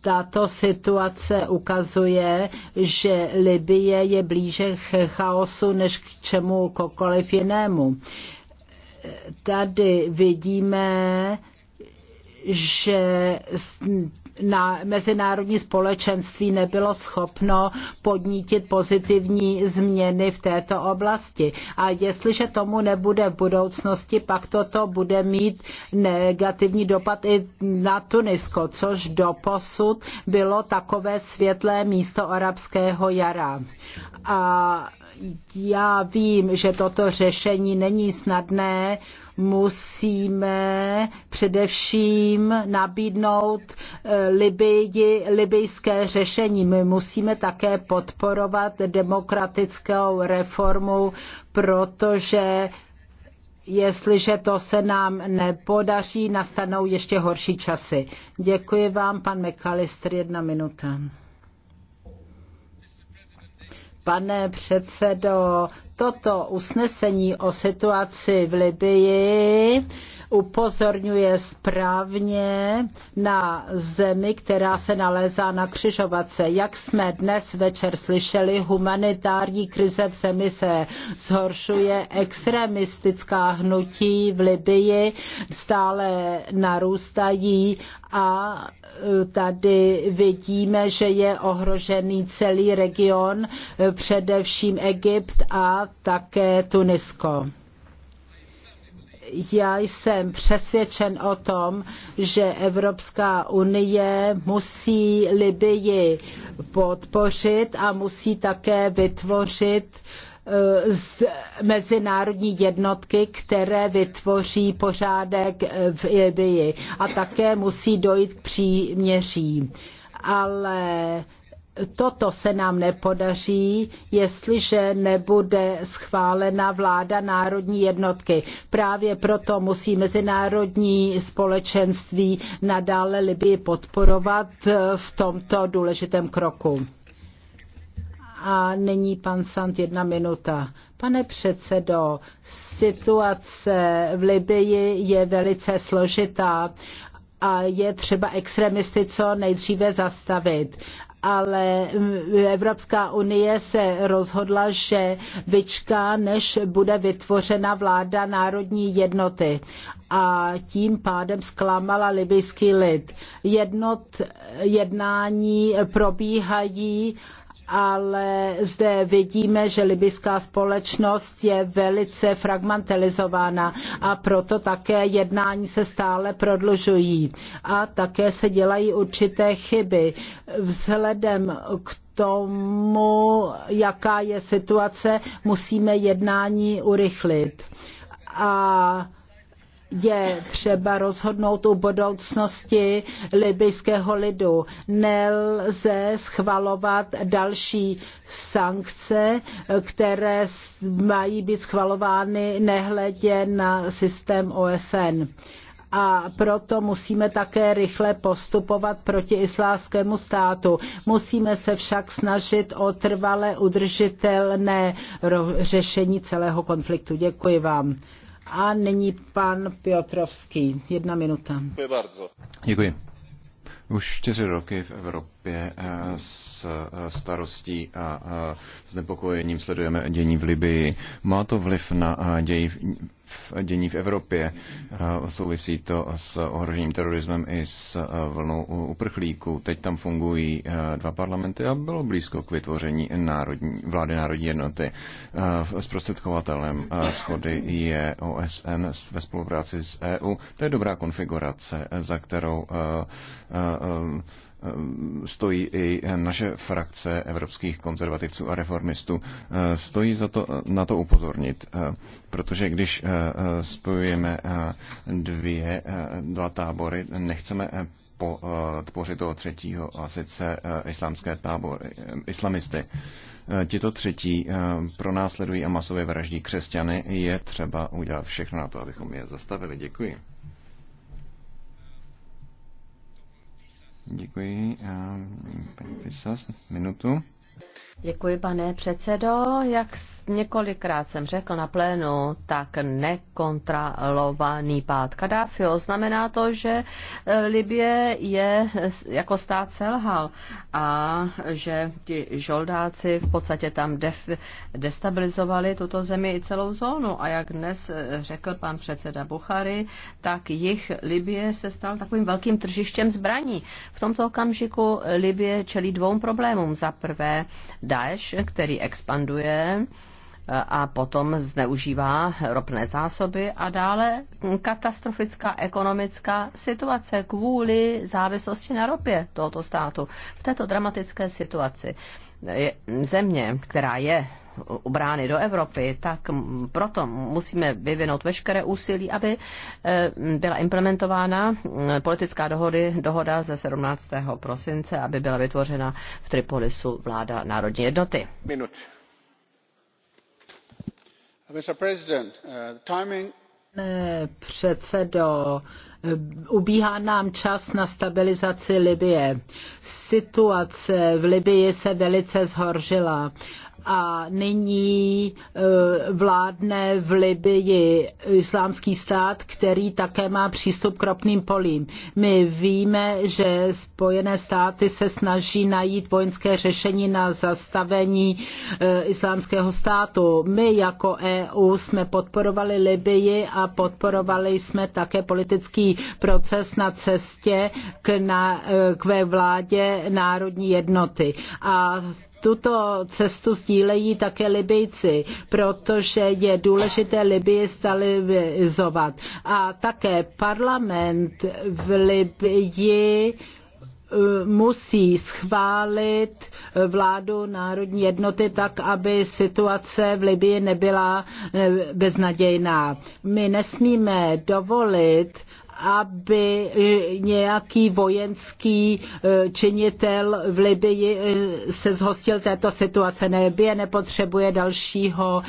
tato situace ukazuje, že Libie je blíže k chaosu než k čemukoliv jinému. Eh, tady vidíme, že na mezinárodní společenství nebylo schopno podnítit pozitivní změny v této oblasti. A jestliže tomu nebude v budoucnosti, pak toto bude mít negativní dopad i na Tunisko, což doposud bylo takové světlé místo arabského jara. A já vím, že toto řešení není snadné, musíme především nabídnout eh, Libii, libijské řešení. My musíme také podporovat demokratickou reformu, protože jestliže to se nám nepodaří, nastanou ještě horší časy. Děkuji vám, pan McAllister, jedna minuta. Pane předsedo, toto usnesení o situaci v Libii upozorňuje správně na zemi, která se nalézá na křižovatce. Jak jsme dnes večer slyšeli, humanitární krize v zemi se zhoršuje, extremistická hnutí v Libii stále narůstají a e, tady vidíme, že je ohrožený celý region, e, především Egypt a také Tunisko já jsem přesvědčen o tom, že Evropská unie musí Libii podpořit a musí také vytvořit eh, z mezinárodní jednotky, které vytvoří pořádek eh, v Libii. A také musí dojít k příměří. Ale toto se nám nepodaří, jestliže nebude schválena vláda národní jednotky. Právě proto musí mezinárodní společenství nadále Libii podporovat v tomto důležitém kroku. A nyní pan Sant jedna minuta. Pane předsedo, situace v Libii je velice složitá a je třeba extremisty co nejdříve zastavit ale mm, Evropská unie se rozhodla, že vyčká, než bude vytvořena vláda národní jednoty a tím pádem zklamala libyský lid. Jednot, jednání probíhají ale zde vidíme, že libyská společnost je velice fragmentalizována a proto také jednání se stále prodlužují a také se dělají určité chyby. Vzhledem k tomu, jaká je situace, musíme jednání urychlit. A je třeba rozhodnout o budoucnosti libyského lidu. Nelze schvalovat další sankce, které mají být schvalovány nehledě na systém OSN a proto musíme také rychle postupovat proti islámskému státu. Musíme se však snažit o trvale udržitelné řešení celého konfliktu. Děkuji vám. A nyní pan Piotrovský. Jedna minuta. Děkuji bardzo. Děkuji. Už čtyři roky v Evropě eh, s eh, starostí a eh, s nepokojením sledujeme dění v Libii. Má to vliv na ději v dění v Evropě. Eh, souvisí to s ohrožením terorismem i s eh, vlnou uprchlíků. Teď tam fungují eh, dva parlamenty a bylo blízko k vytvoření národní, vlády národní jednoty. Zprostředkovatelem schody je OSN ve spolupráci s EU. To je dobrá konfigurace, za kterou Ehm, stojí i naše frakce evropských konzervativců a reformistů. Ehm, stojí za to, eh, na to upozornit, ehm, protože když eh, eh, spojujeme dvě, dva tábory, nechceme po tvořit toho třetího, a sice islámské tábory, islamisty. Tito třetí pronásledují a masově vraždí křesťany. Je třeba udělat všechno na to, abychom je zastavili. Děkuji. Děkuji. Eh, paní Fisas, minutu. Děkuji, pane předsedo. Jak několikrát jsem řekl na plénu, tak nekontrolovaný pád Kadáfio znamená to, že e, Libie je jako stát selhal a že ti žoldáci v podstatě tam def, destabilizovali tuto zemi i celou zónu. A jak dnes e, řekl pan předseda Buchary, tak jich Libie se stal takovým velkým tržištěm zbraní. V tomto okamžiku Libie čelí dvou problémům. Za prvé, Daesh, který expanduje eh, a potom zneužívá ropné zásoby a dále katastrofická ekonomická situace kvůli závislosti na ropě tohoto státu. V této dramatické situaci země, která je obrány do Evropy, tak proto musíme vyvinout veškeré úsilí, aby e, byla implementována politická dohody, dohoda ze 17. prosince, aby byla vytvořena v Tripolisu vláda národní jednoty. Minut. Uh, Mr. President, uh, timing předsedo, ubíhá nám čas na stabilizaci Libie. Situace v Libii se velice zhoršila a nyní e, vládne v Libii islámský stát, který také má přístup k ropným polím. My víme, že Spojené státy se snaží najít vojenské řešení na zastavení e, islámského státu. My jako EU jsme podporovali Libii a podporovali jsme také politický proces na cestě k, na, e, k ve vládě národní jednoty. A tuto cestu sdílejí také Libijci, protože je důležité Libii stabilizovat. A také parlament v Libii eh, musí schválit vládu národní jednoty tak, aby situace v Libii nebyla eh, beznadějná. My nesmíme dovolit, aby e, nějaký vojenský e, činitel v Libii e, se zhostil této situace. Libie nepotřebuje dalšího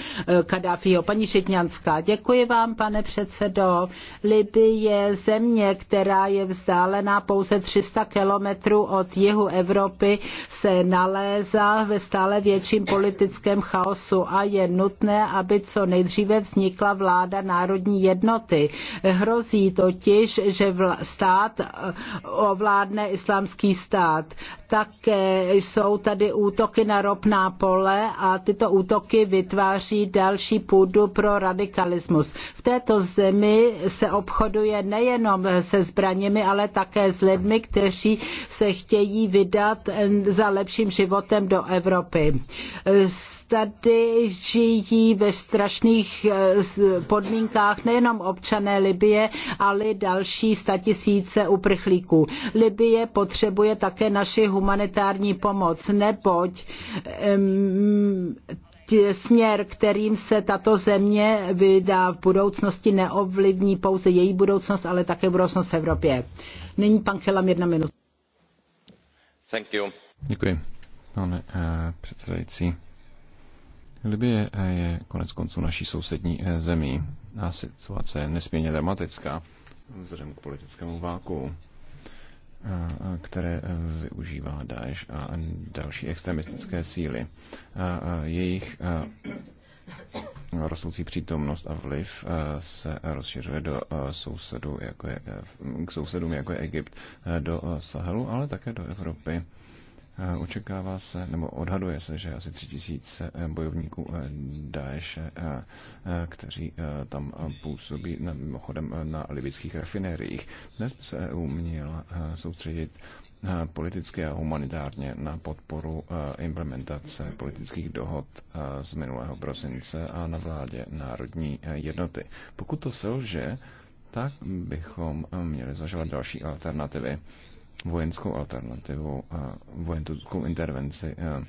Kadáfího. Paní Šitňanská, děkuji vám, pane předsedo. Libie je země, která je vzdálená pouze 300 kilometrů od jihu Evropy, se nalézá ve stále větším politickém chaosu a je nutné, aby co nejdříve vznikla vláda národní jednoty. Hrozí totiž, totiž, že stát eh, ovládne islámský stát. Také jsou tady útoky na ropná pole a tyto útoky vytváří další půdu pro radikalismus. V této zemi se obchoduje nejenom se zbraněmi, ale také s lidmi, kteří se chtějí vydat eh, za lepším životem do Evropy. Eh, tady žijí ve strašných podmínkách nejenom občané Libie, ale lidé další statisíce uprchlíků. Libie potřebuje také naši humanitární pomoc, neboť um, směr, kterým se tato země vydá v budoucnosti, neovlivní pouze její budoucnost, ale také budoucnost v Evropě. Nyní pan Kelam jedna minuta. Thank you. Děkuji, pane uh, předsedající. Libie eh, je konec konců naší sousední eh, zemí a situace je nesmírně dramatická vzhledem k politickému váku, které využívá Daesh a další extremistické síly. Jejich rostoucí přítomnost a vliv se rozšiřuje do sousedů, jako je, k sousedům, jako je Egypt, do Sahelu, ale také do Evropy. Eh, očekává se, nebo odhaduje se, že asi tři tisíce eh, bojovníků eh, Daesh, kteří tam působí mimochodem na libických rafinériích. Dnes by se EU měl soustředit politicky a humanitárně na podporu implementace politických dohod z minulého prosince a na vládě národní jednoty. Pokud to selže, tak bychom měli zvažovat další alternativy vojenskou alternativu, eh, vojenskou intervenci eh,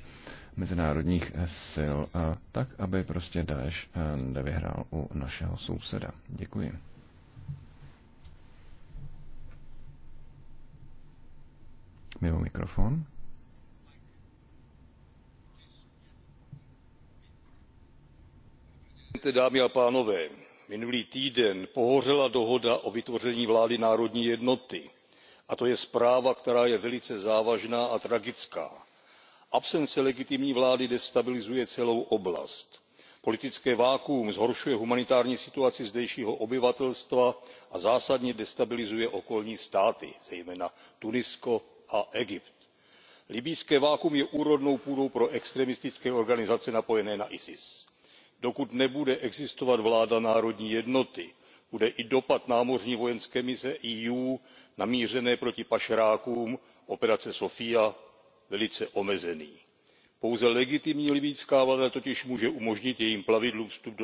mezinárodních sil, eh, tak aby prostě Daesh nevyhrál u našeho souseda. Děkuji. Mimo mikrofon. Dámy a pánové, minulý týden pohořela dohoda o vytvoření vlády národní jednoty a to je zpráva která je velice závažná a tragická. absence legitimní vlády destabilizuje celou oblast. politické vakuum zhoršuje humanitární situaci zdejšího obyvatelstva a zásadně destabilizuje okolní státy zejména tunisko a egypt. libyjské vakuum je úrodnou půdou pro extremistické organizace napojené na isis. dokud nebude existovat vláda národní jednoty bude i dopad námořní vojenské mise eu namířené proti pašerákům operace sophia velice omezený. pouze legitimní libyjská vláda totiž může umožnit jejím plavidlům vstup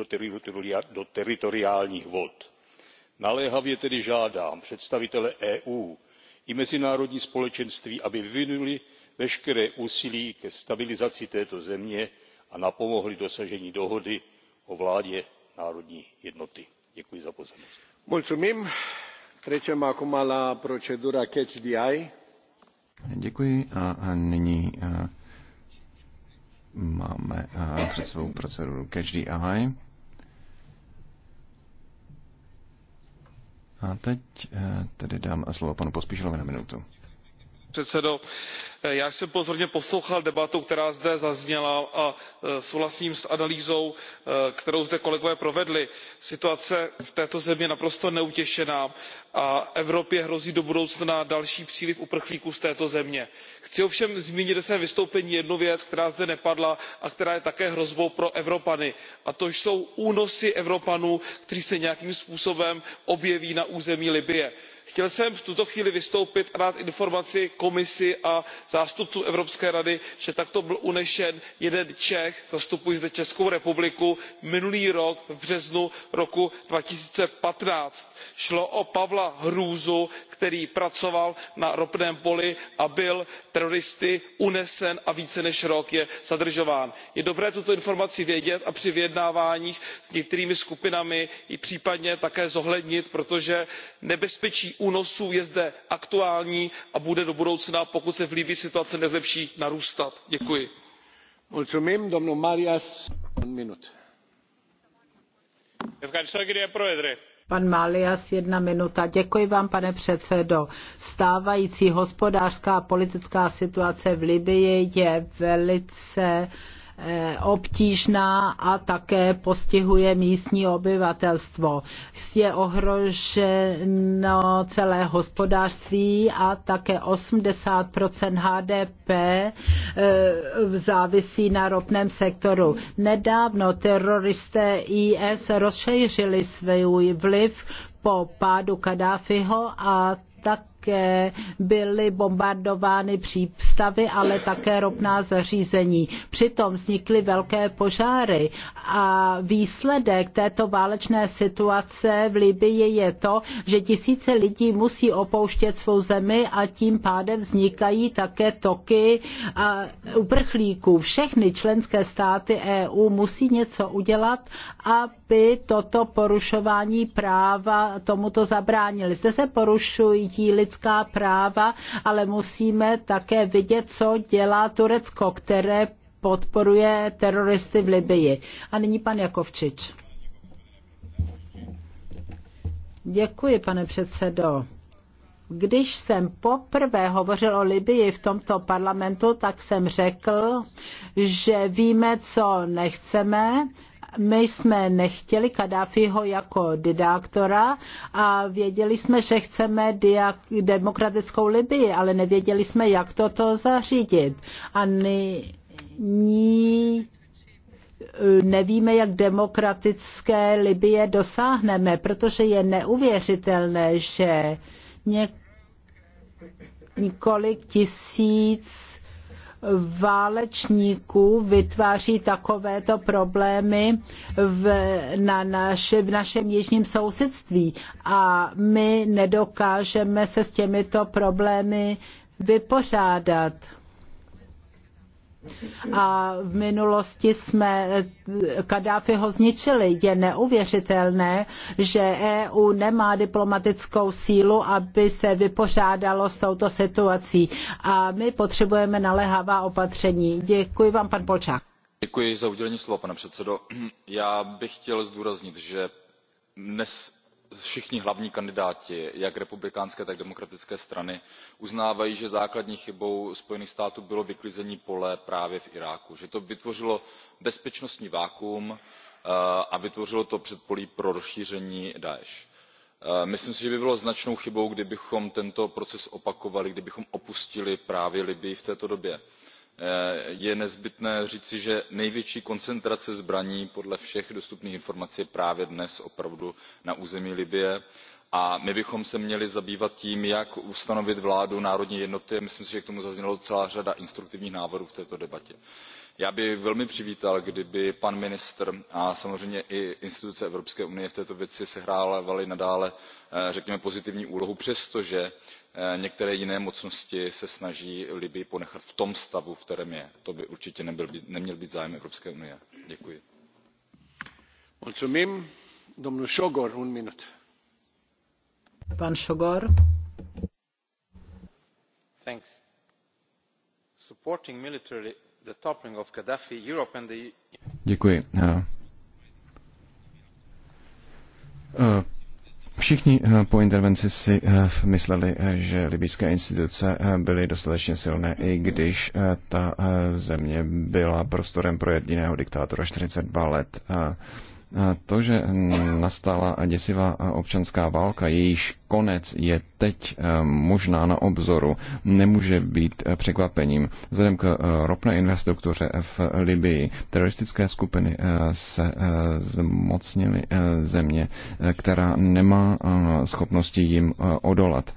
do teritoriálních vod. naléhavě tedy žádám představitele eu i mezinárodní společenství aby vyvinuli veškeré úsilí ke stabilizaci této země a napomohli dosažení dohody o vládě národní jednoty. Děkuji za pozornost. Mulțumim. Trecem acum la procedura Catch the Eye. Děkuji a, a nyní a, máme a, před svou proceduru Catch the Eye. A teď e, tedy dám slovo panu Pospíšilovi na minutu předsedající eh, já jsem pozorně poslouchal debatu která zde zazněla a eh, souhlasím s analýzou eh, kterou zde kolegové provedli. situace v této zemi je naprosto neutěšená a evropě hrozí do budoucna další příliv uprchlíků z této země. chci ovšem zmínit ve svém vystoupení jednu věc která zde nepadla a která je také hrozbou pro evropany a to jsou únosy evropanů kteří se nějakým způsobem objeví na území libye. chtěl jsem v tuto chvíli vystoupit a dát informaci komisi a zástupcům evropské rady že takto byl unesen jeden čech zastupuji zde českou republiku minulý rok v březnu roku. two thousand and fifteen šlo o pavla odsouzeníhodná hrůzu který pracoval na ropném poli a byl teroristy unesen a více než rok je zadržován. je dobré tuto informaci vědět a při vyjednáváních s některými skupinami ji případně také zohlednit protože nebezpečí únosů je zde aktuální a bude do budoucna pokud se v libyi situace nezlepší narůstat. děkuji. Pan Malias, jedna minuta. Děkuji vám, pane předsedo. Stávající hospodářská a politická situace v Libii je velice uh, Eh, obtížná a také postihuje místní obyvatelstvo. Je ohroženo celé hospodářství a také 80 HDP eh, závisí na ropném sektoru. Nedávno teroristé IS rozšířili svůj vliv po pádu Kadáfiho a tak také byly bombardovány přístavy, ale také ropná zařízení. Přitom vznikly velké požáry a výsledek této válečné situace v Libii je to, že tisíce lidí musí opouštět svou zemi a tím pádem vznikají také toky a uprchlíků. Všechny členské státy EU musí něco udělat, aby toto porušování práva tomuto zabránili. Zde se porušují lidské lidská práva, ale musíme také vidět, co dělá Turecko, které podporuje teroristy v Libii. A nyní pan Jakovčič. Děkuji, pane předsedo. Když jsem poprvé hovořil o Libii v tomto parlamentu, tak jsem řekl, že víme, co nechceme my jsme nechtěli Kadáfiho jako didaktora a věděli jsme, že chceme diak- demokratickou Libii, ale nevěděli jsme, jak toto zařídit. A nyní e, nevíme, jak demokratické Libie dosáhneme, protože je neuvěřitelné, že několik tisíc válečníků vytváří takovéto problémy v, na naši, v našem jižním sousedství a my nedokážeme se s těmito problémy vypořádat. A v minulosti jsme eh, Kadáfiho zničili. Je neuvěřitelné, že EU nemá diplomatickou sílu, aby se vypořádalo s touto situací. A my potřebujeme naléhavá opatření. Děkuji vám, pan Polčák. Děkuji za udělení slova, pane předsedo. Já bych chtěl zdůraznit, že dnes všichni hlavní kandidáti jak republikánské tak demokratické strany uznávají že základní chybou spojených států bylo vyklizení pole právě v iráku že to vytvořilo bezpečnostní vakuum eh, a vytvořilo to předpolí pro rozšíření dá'iš. Eh, myslím si že by bylo značnou chybou kdybychom tento proces opakovali kdybychom opustili právě libyi v této době. Eh, je nezbytné říci že největší koncentrace zbraní podle všech dostupných informací je právě dnes opravdu na území libye a my bychom se měli zabývat tím jak ustanovit vládu národní jednoty myslím si že k tomu zazněla celá řada instruktivních návrhů v této debatě já bych velmi přivítal kdyby pan ministr a samozřejmě i instituce evropské unie v této věci sehrávaly nadále eh, řekněme pozitivní úlohu přestože eh, některé jiné mocnosti se snaží libyi ponechat v tom stavu ve kterém je. to by určitě neměl být zájem evropské unie. děkuji. pan Šogor. Thanks. supporting military Děkuji. Eh, eh, všichni eh, po intervenci si mysleli, že libijské instituce byly dostatečně silné, i když ta země byla prostorem pro jediného diktátora 42 let. To, že nastala děsivá občanská válka, jejíž konec je teď e, možná na obzoru, nemůže být e, překvapením. Vzhledem k e, ropné infrastruktuře v Libii teroristické skupiny se zmocnily země, která nemá schopnosti jim odolat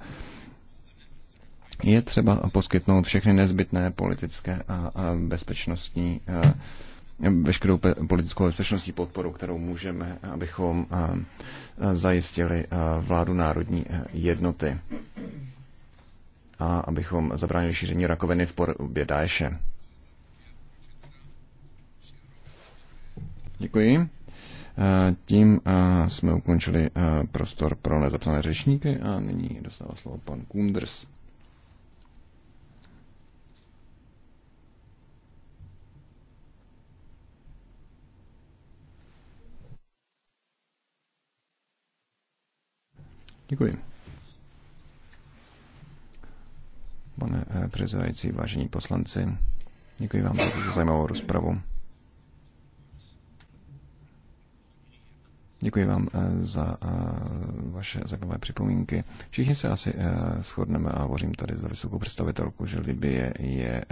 je třeba poskytnout všechny nezbytné politické a bezpečnostní veškerou politickou bezpečnostní podporu, kterou můžeme, abychom eh, eh, zajistili eh, vládu národní jednoty a abychom zabránili šíření rakoviny v podobě Daeše. Děkuji. Tím jsme ukončili prostor pro nezapsané řečníky a nyní dostává slovo pan Kunders. Děkuji. Pane eh, předsedající, vážení poslanci, děkuji vám za tuto zajímavou rozpravu. Děkuji vám eh, za eh, vaše zajímavé připomínky. Všichni se asi shodneme a hovořím tady za vysokou představitelku, že Libie je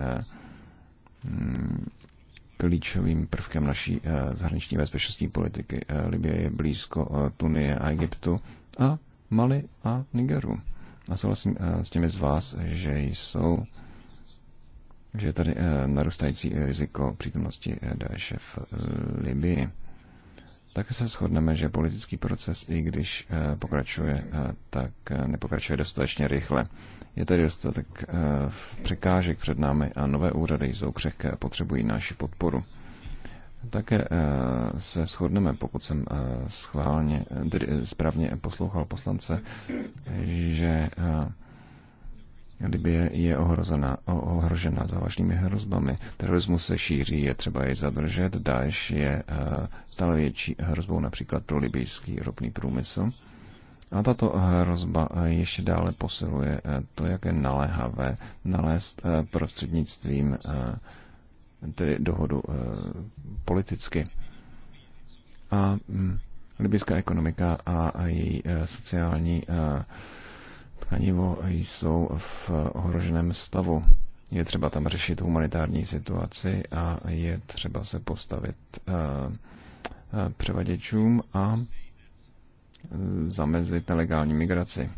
mm, klíčovým prvkem naší zahraniční bezpečnostní politiky. Libie je blízko Tunie a Egyptu a Mali a Nigeru. A souhlasím eh, s těmi z vás, že jsou že je tady eh, narůstající riziko přítomnosti eh, Daeše v Libii. Tak se shodneme, že politický proces, i když pokračuje, tak nepokračuje dostatečně rychle. Je tady dostatek překážek před námi a nové úřady jsou křehké a potřebují naši podporu. Také eh, se shodneme, pokud jsem eh, schválně, tedy eh, správně poslouchal poslance, že kdyby je ohrozená, ohrožená závažnými hrozbami. Terorismus se šíří, je třeba jej zadržet. Daesh je stále větší hrozbou například pro libijský ropný průmysl. A tato hrozba ještě dále posiluje to, jak je naléhavé nalézt prostřednictvím tedy dohodu eh, politicky. A mm, libyská ekonomika a její eh, sociální eh, tkanivo jsou v ohroženém stavu. Je třeba tam řešit humanitární situaci a je třeba se postavit převaděčům a zamezit nelegální migraci.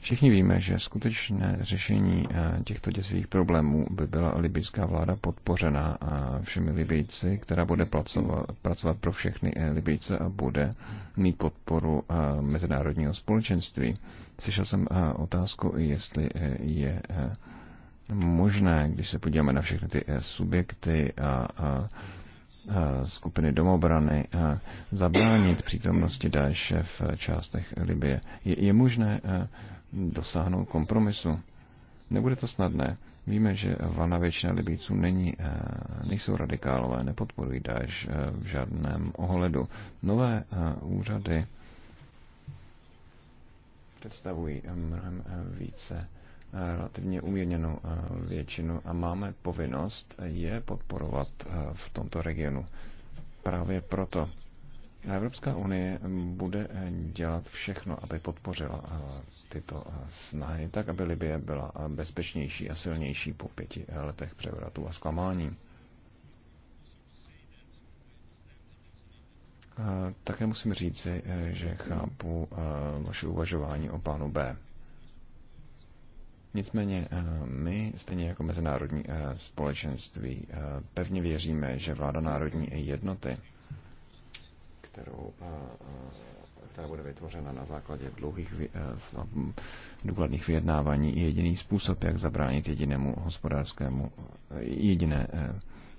Všichni víme, že skutečné řešení eh, těchto děsivých problémů by byla libijská vláda podpořena eh, všemi Libijci, která bude pracovat, pracovat pro všechny eh, Libijce a bude mít podporu mezinárodního společenství. Slyšel jsem otázku, jestli je možné, když se podíváme na všechny ty subjekty a, skupiny domobrany zabránit přítomnosti Daeše v částech Libie. Je, je možné dosáhnout kompromisu. Nebude to snadné. Víme, že vana většina Libíců není, eh, nejsou radikálové, nepodporují Daesh eh, v žádném ohledu. Nové eh, úřady představují mnohem více relativně umírněnou většinu a máme povinnost je podporovat v tomto regionu. Právě proto Evropská unie bude dělat všechno, aby podpořila eh, tyto eh, snahy, tak aby Libie byla eh, bezpečnější a silnější po pěti letech převratu a zklamání. Také musím říci, že chápu vaše uvažování o plánu B. Nicméně my, stejně jako mezinárodní společenství, pevně věříme, že vláda národní jednoty kterou, eh, eh, která bude vytvořena na základě dlouhých eh, důkladných vyjednávání, je jediný způsob, jak zabránit jedinému hospodářskému, jediné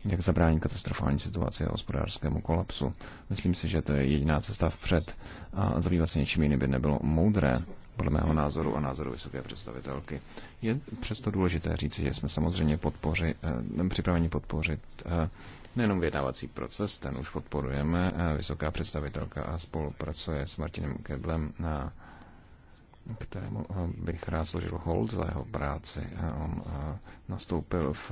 jak zabránit katastrofální situaci a hospodářskému kolapsu. Myslím si, že to je jediná cesta vpřed a zabývat se něčím jiným by nebylo moudré, podle mého názoru a názoru vysoké představitelky. Je přesto důležité říci, že jsme samozřejmě podpoři, připraveni podpořit Nejenom vyjednávací proces, ten už podporujeme. Eh, Vysoká představitelka a spolupracuje s Martinem Keblem, na, eh, kterému eh, bych rád složil hold za jeho práci. On nastoupil v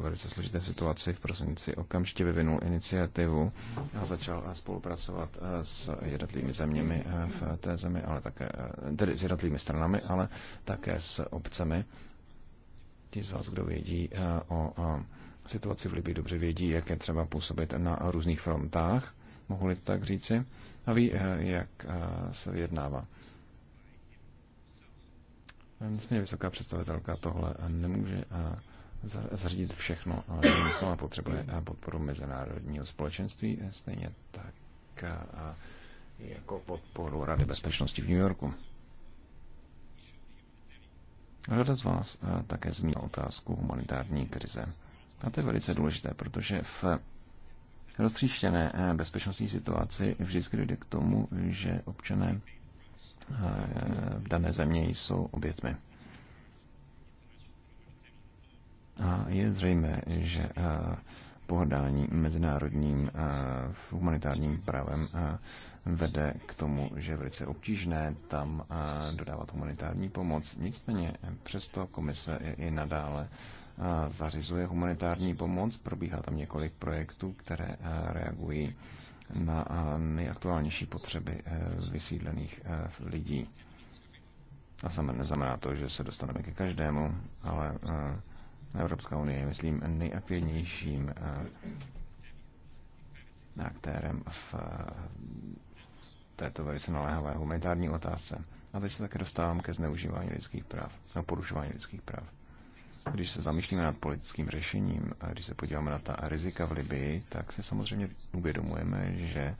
velice složité situaci v prosinci, okamžitě vyvinul iniciativu a začal spolupracovat s jednotlivými zeměmi v té zemi, ale také, tedy s jednotlivými stranami, ale také s obcemi. Ti z vás, kdo vědí o situaci v Libii dobře vědí, jak je třeba působit na různých frontách, mohu-li to tak říci, a ví, eh, jak eh, se vyjednává. Nicméně vlastně vysoká představitelka tohle nemůže eh, zařídit všechno, ale sama potřebuje podporu mezinárodního společenství, stejně tak jako podporu Rady bezpečnosti v New Yorku. Rada z vás také zmínila otázku humanitární krize. A to je velice důležité, protože v roztříštěné eh, bezpečnostní situaci vždycky dojde k tomu, že občané eh, v dané země jsou obětmi. A je zřejmé, že eh, pohodání mezinárodním humanitárním právem vede k tomu, že je velice obtížné tam dodávat humanitární pomoc. Nicméně přesto komise i nadále zařizuje humanitární pomoc. Probíhá tam několik projektů, které eh, reagují na eh, nejaktuálnější potřeby eh, vysídlených lidí. A samozřejmě neznamená to, že se dostaneme ke každému, ale Evropská unie je, myslím, nejaktivnějším aktérem v této velice naléhavé humanitární otázce. A teď se také dostávám ke zneužívání lidských práv, no porušování lidských práv. Když se zamýšlíme nad politickým řešením a když se podíváme na ta rizika v Libii, tak se samozřejmě uvědomujeme, že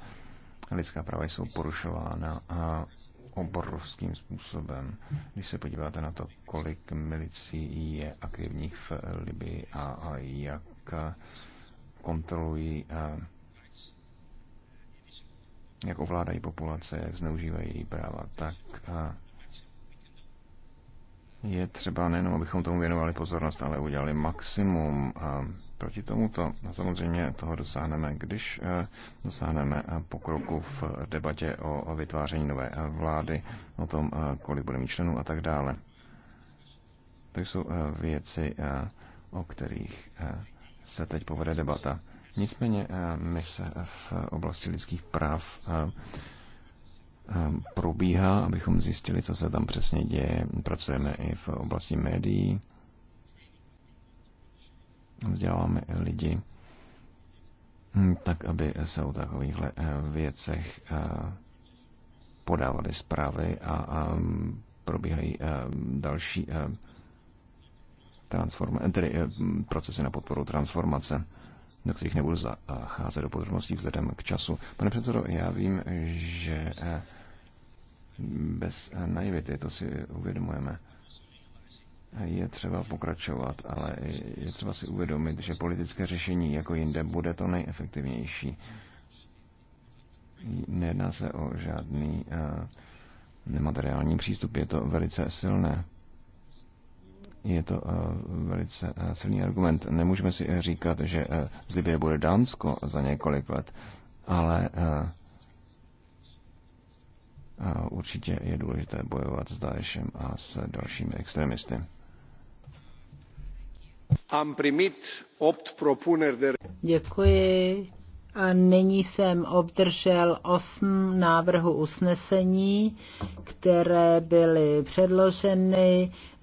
lidská práva jsou porušována a oborovským způsobem. Když se podíváte na to, kolik milicí je aktivních v Libii a, a jak kontrolují, a jak ovládají populace, jak zneužívají její práva, tak je třeba nejenom, abychom tomu věnovali pozornost, ale udělali maximum. A eh, proti tomuto samozřejmě toho dosáhneme, když eh, dosáhneme eh, pokroku v debatě o vytváření nové vlády, o tom, kolik bude mít členů a tak dále. To jsou věci, o kterých se teď povede debata. Nicméně my se v oblasti lidských práv Ehm, probíhá, abychom zjistili, co se tam přesně děje. Pracujeme i v oblasti médií, vzděláváme lidi, hm, tak aby se o takovýchhle eh, věcech eh, podávaly zprávy a hm, probíhají eh, další tedy hm, procesy na podporu transformace do kterých nebudu zacházet do podrobností vzhledem k času. Pane předsedo, já vím, že bez naivity, to si uvědomujeme. Je třeba pokračovat, ale je třeba si uvědomit, že politické řešení jako jinde bude to nejefektivnější. Nejedná se o žádný eh, nemateriální přístup, je to velice silné je to eh, velice eh, silný argument. Nemůžeme si říkat, že z Libie bude Dánsko za několik let, ale a určitě je důležité bojovat s Daešem a s dalšími extremisty. Am primit opt de... Děkuji. A nyní jsem obdržel osm návrhů usnesení, které byly předloženy.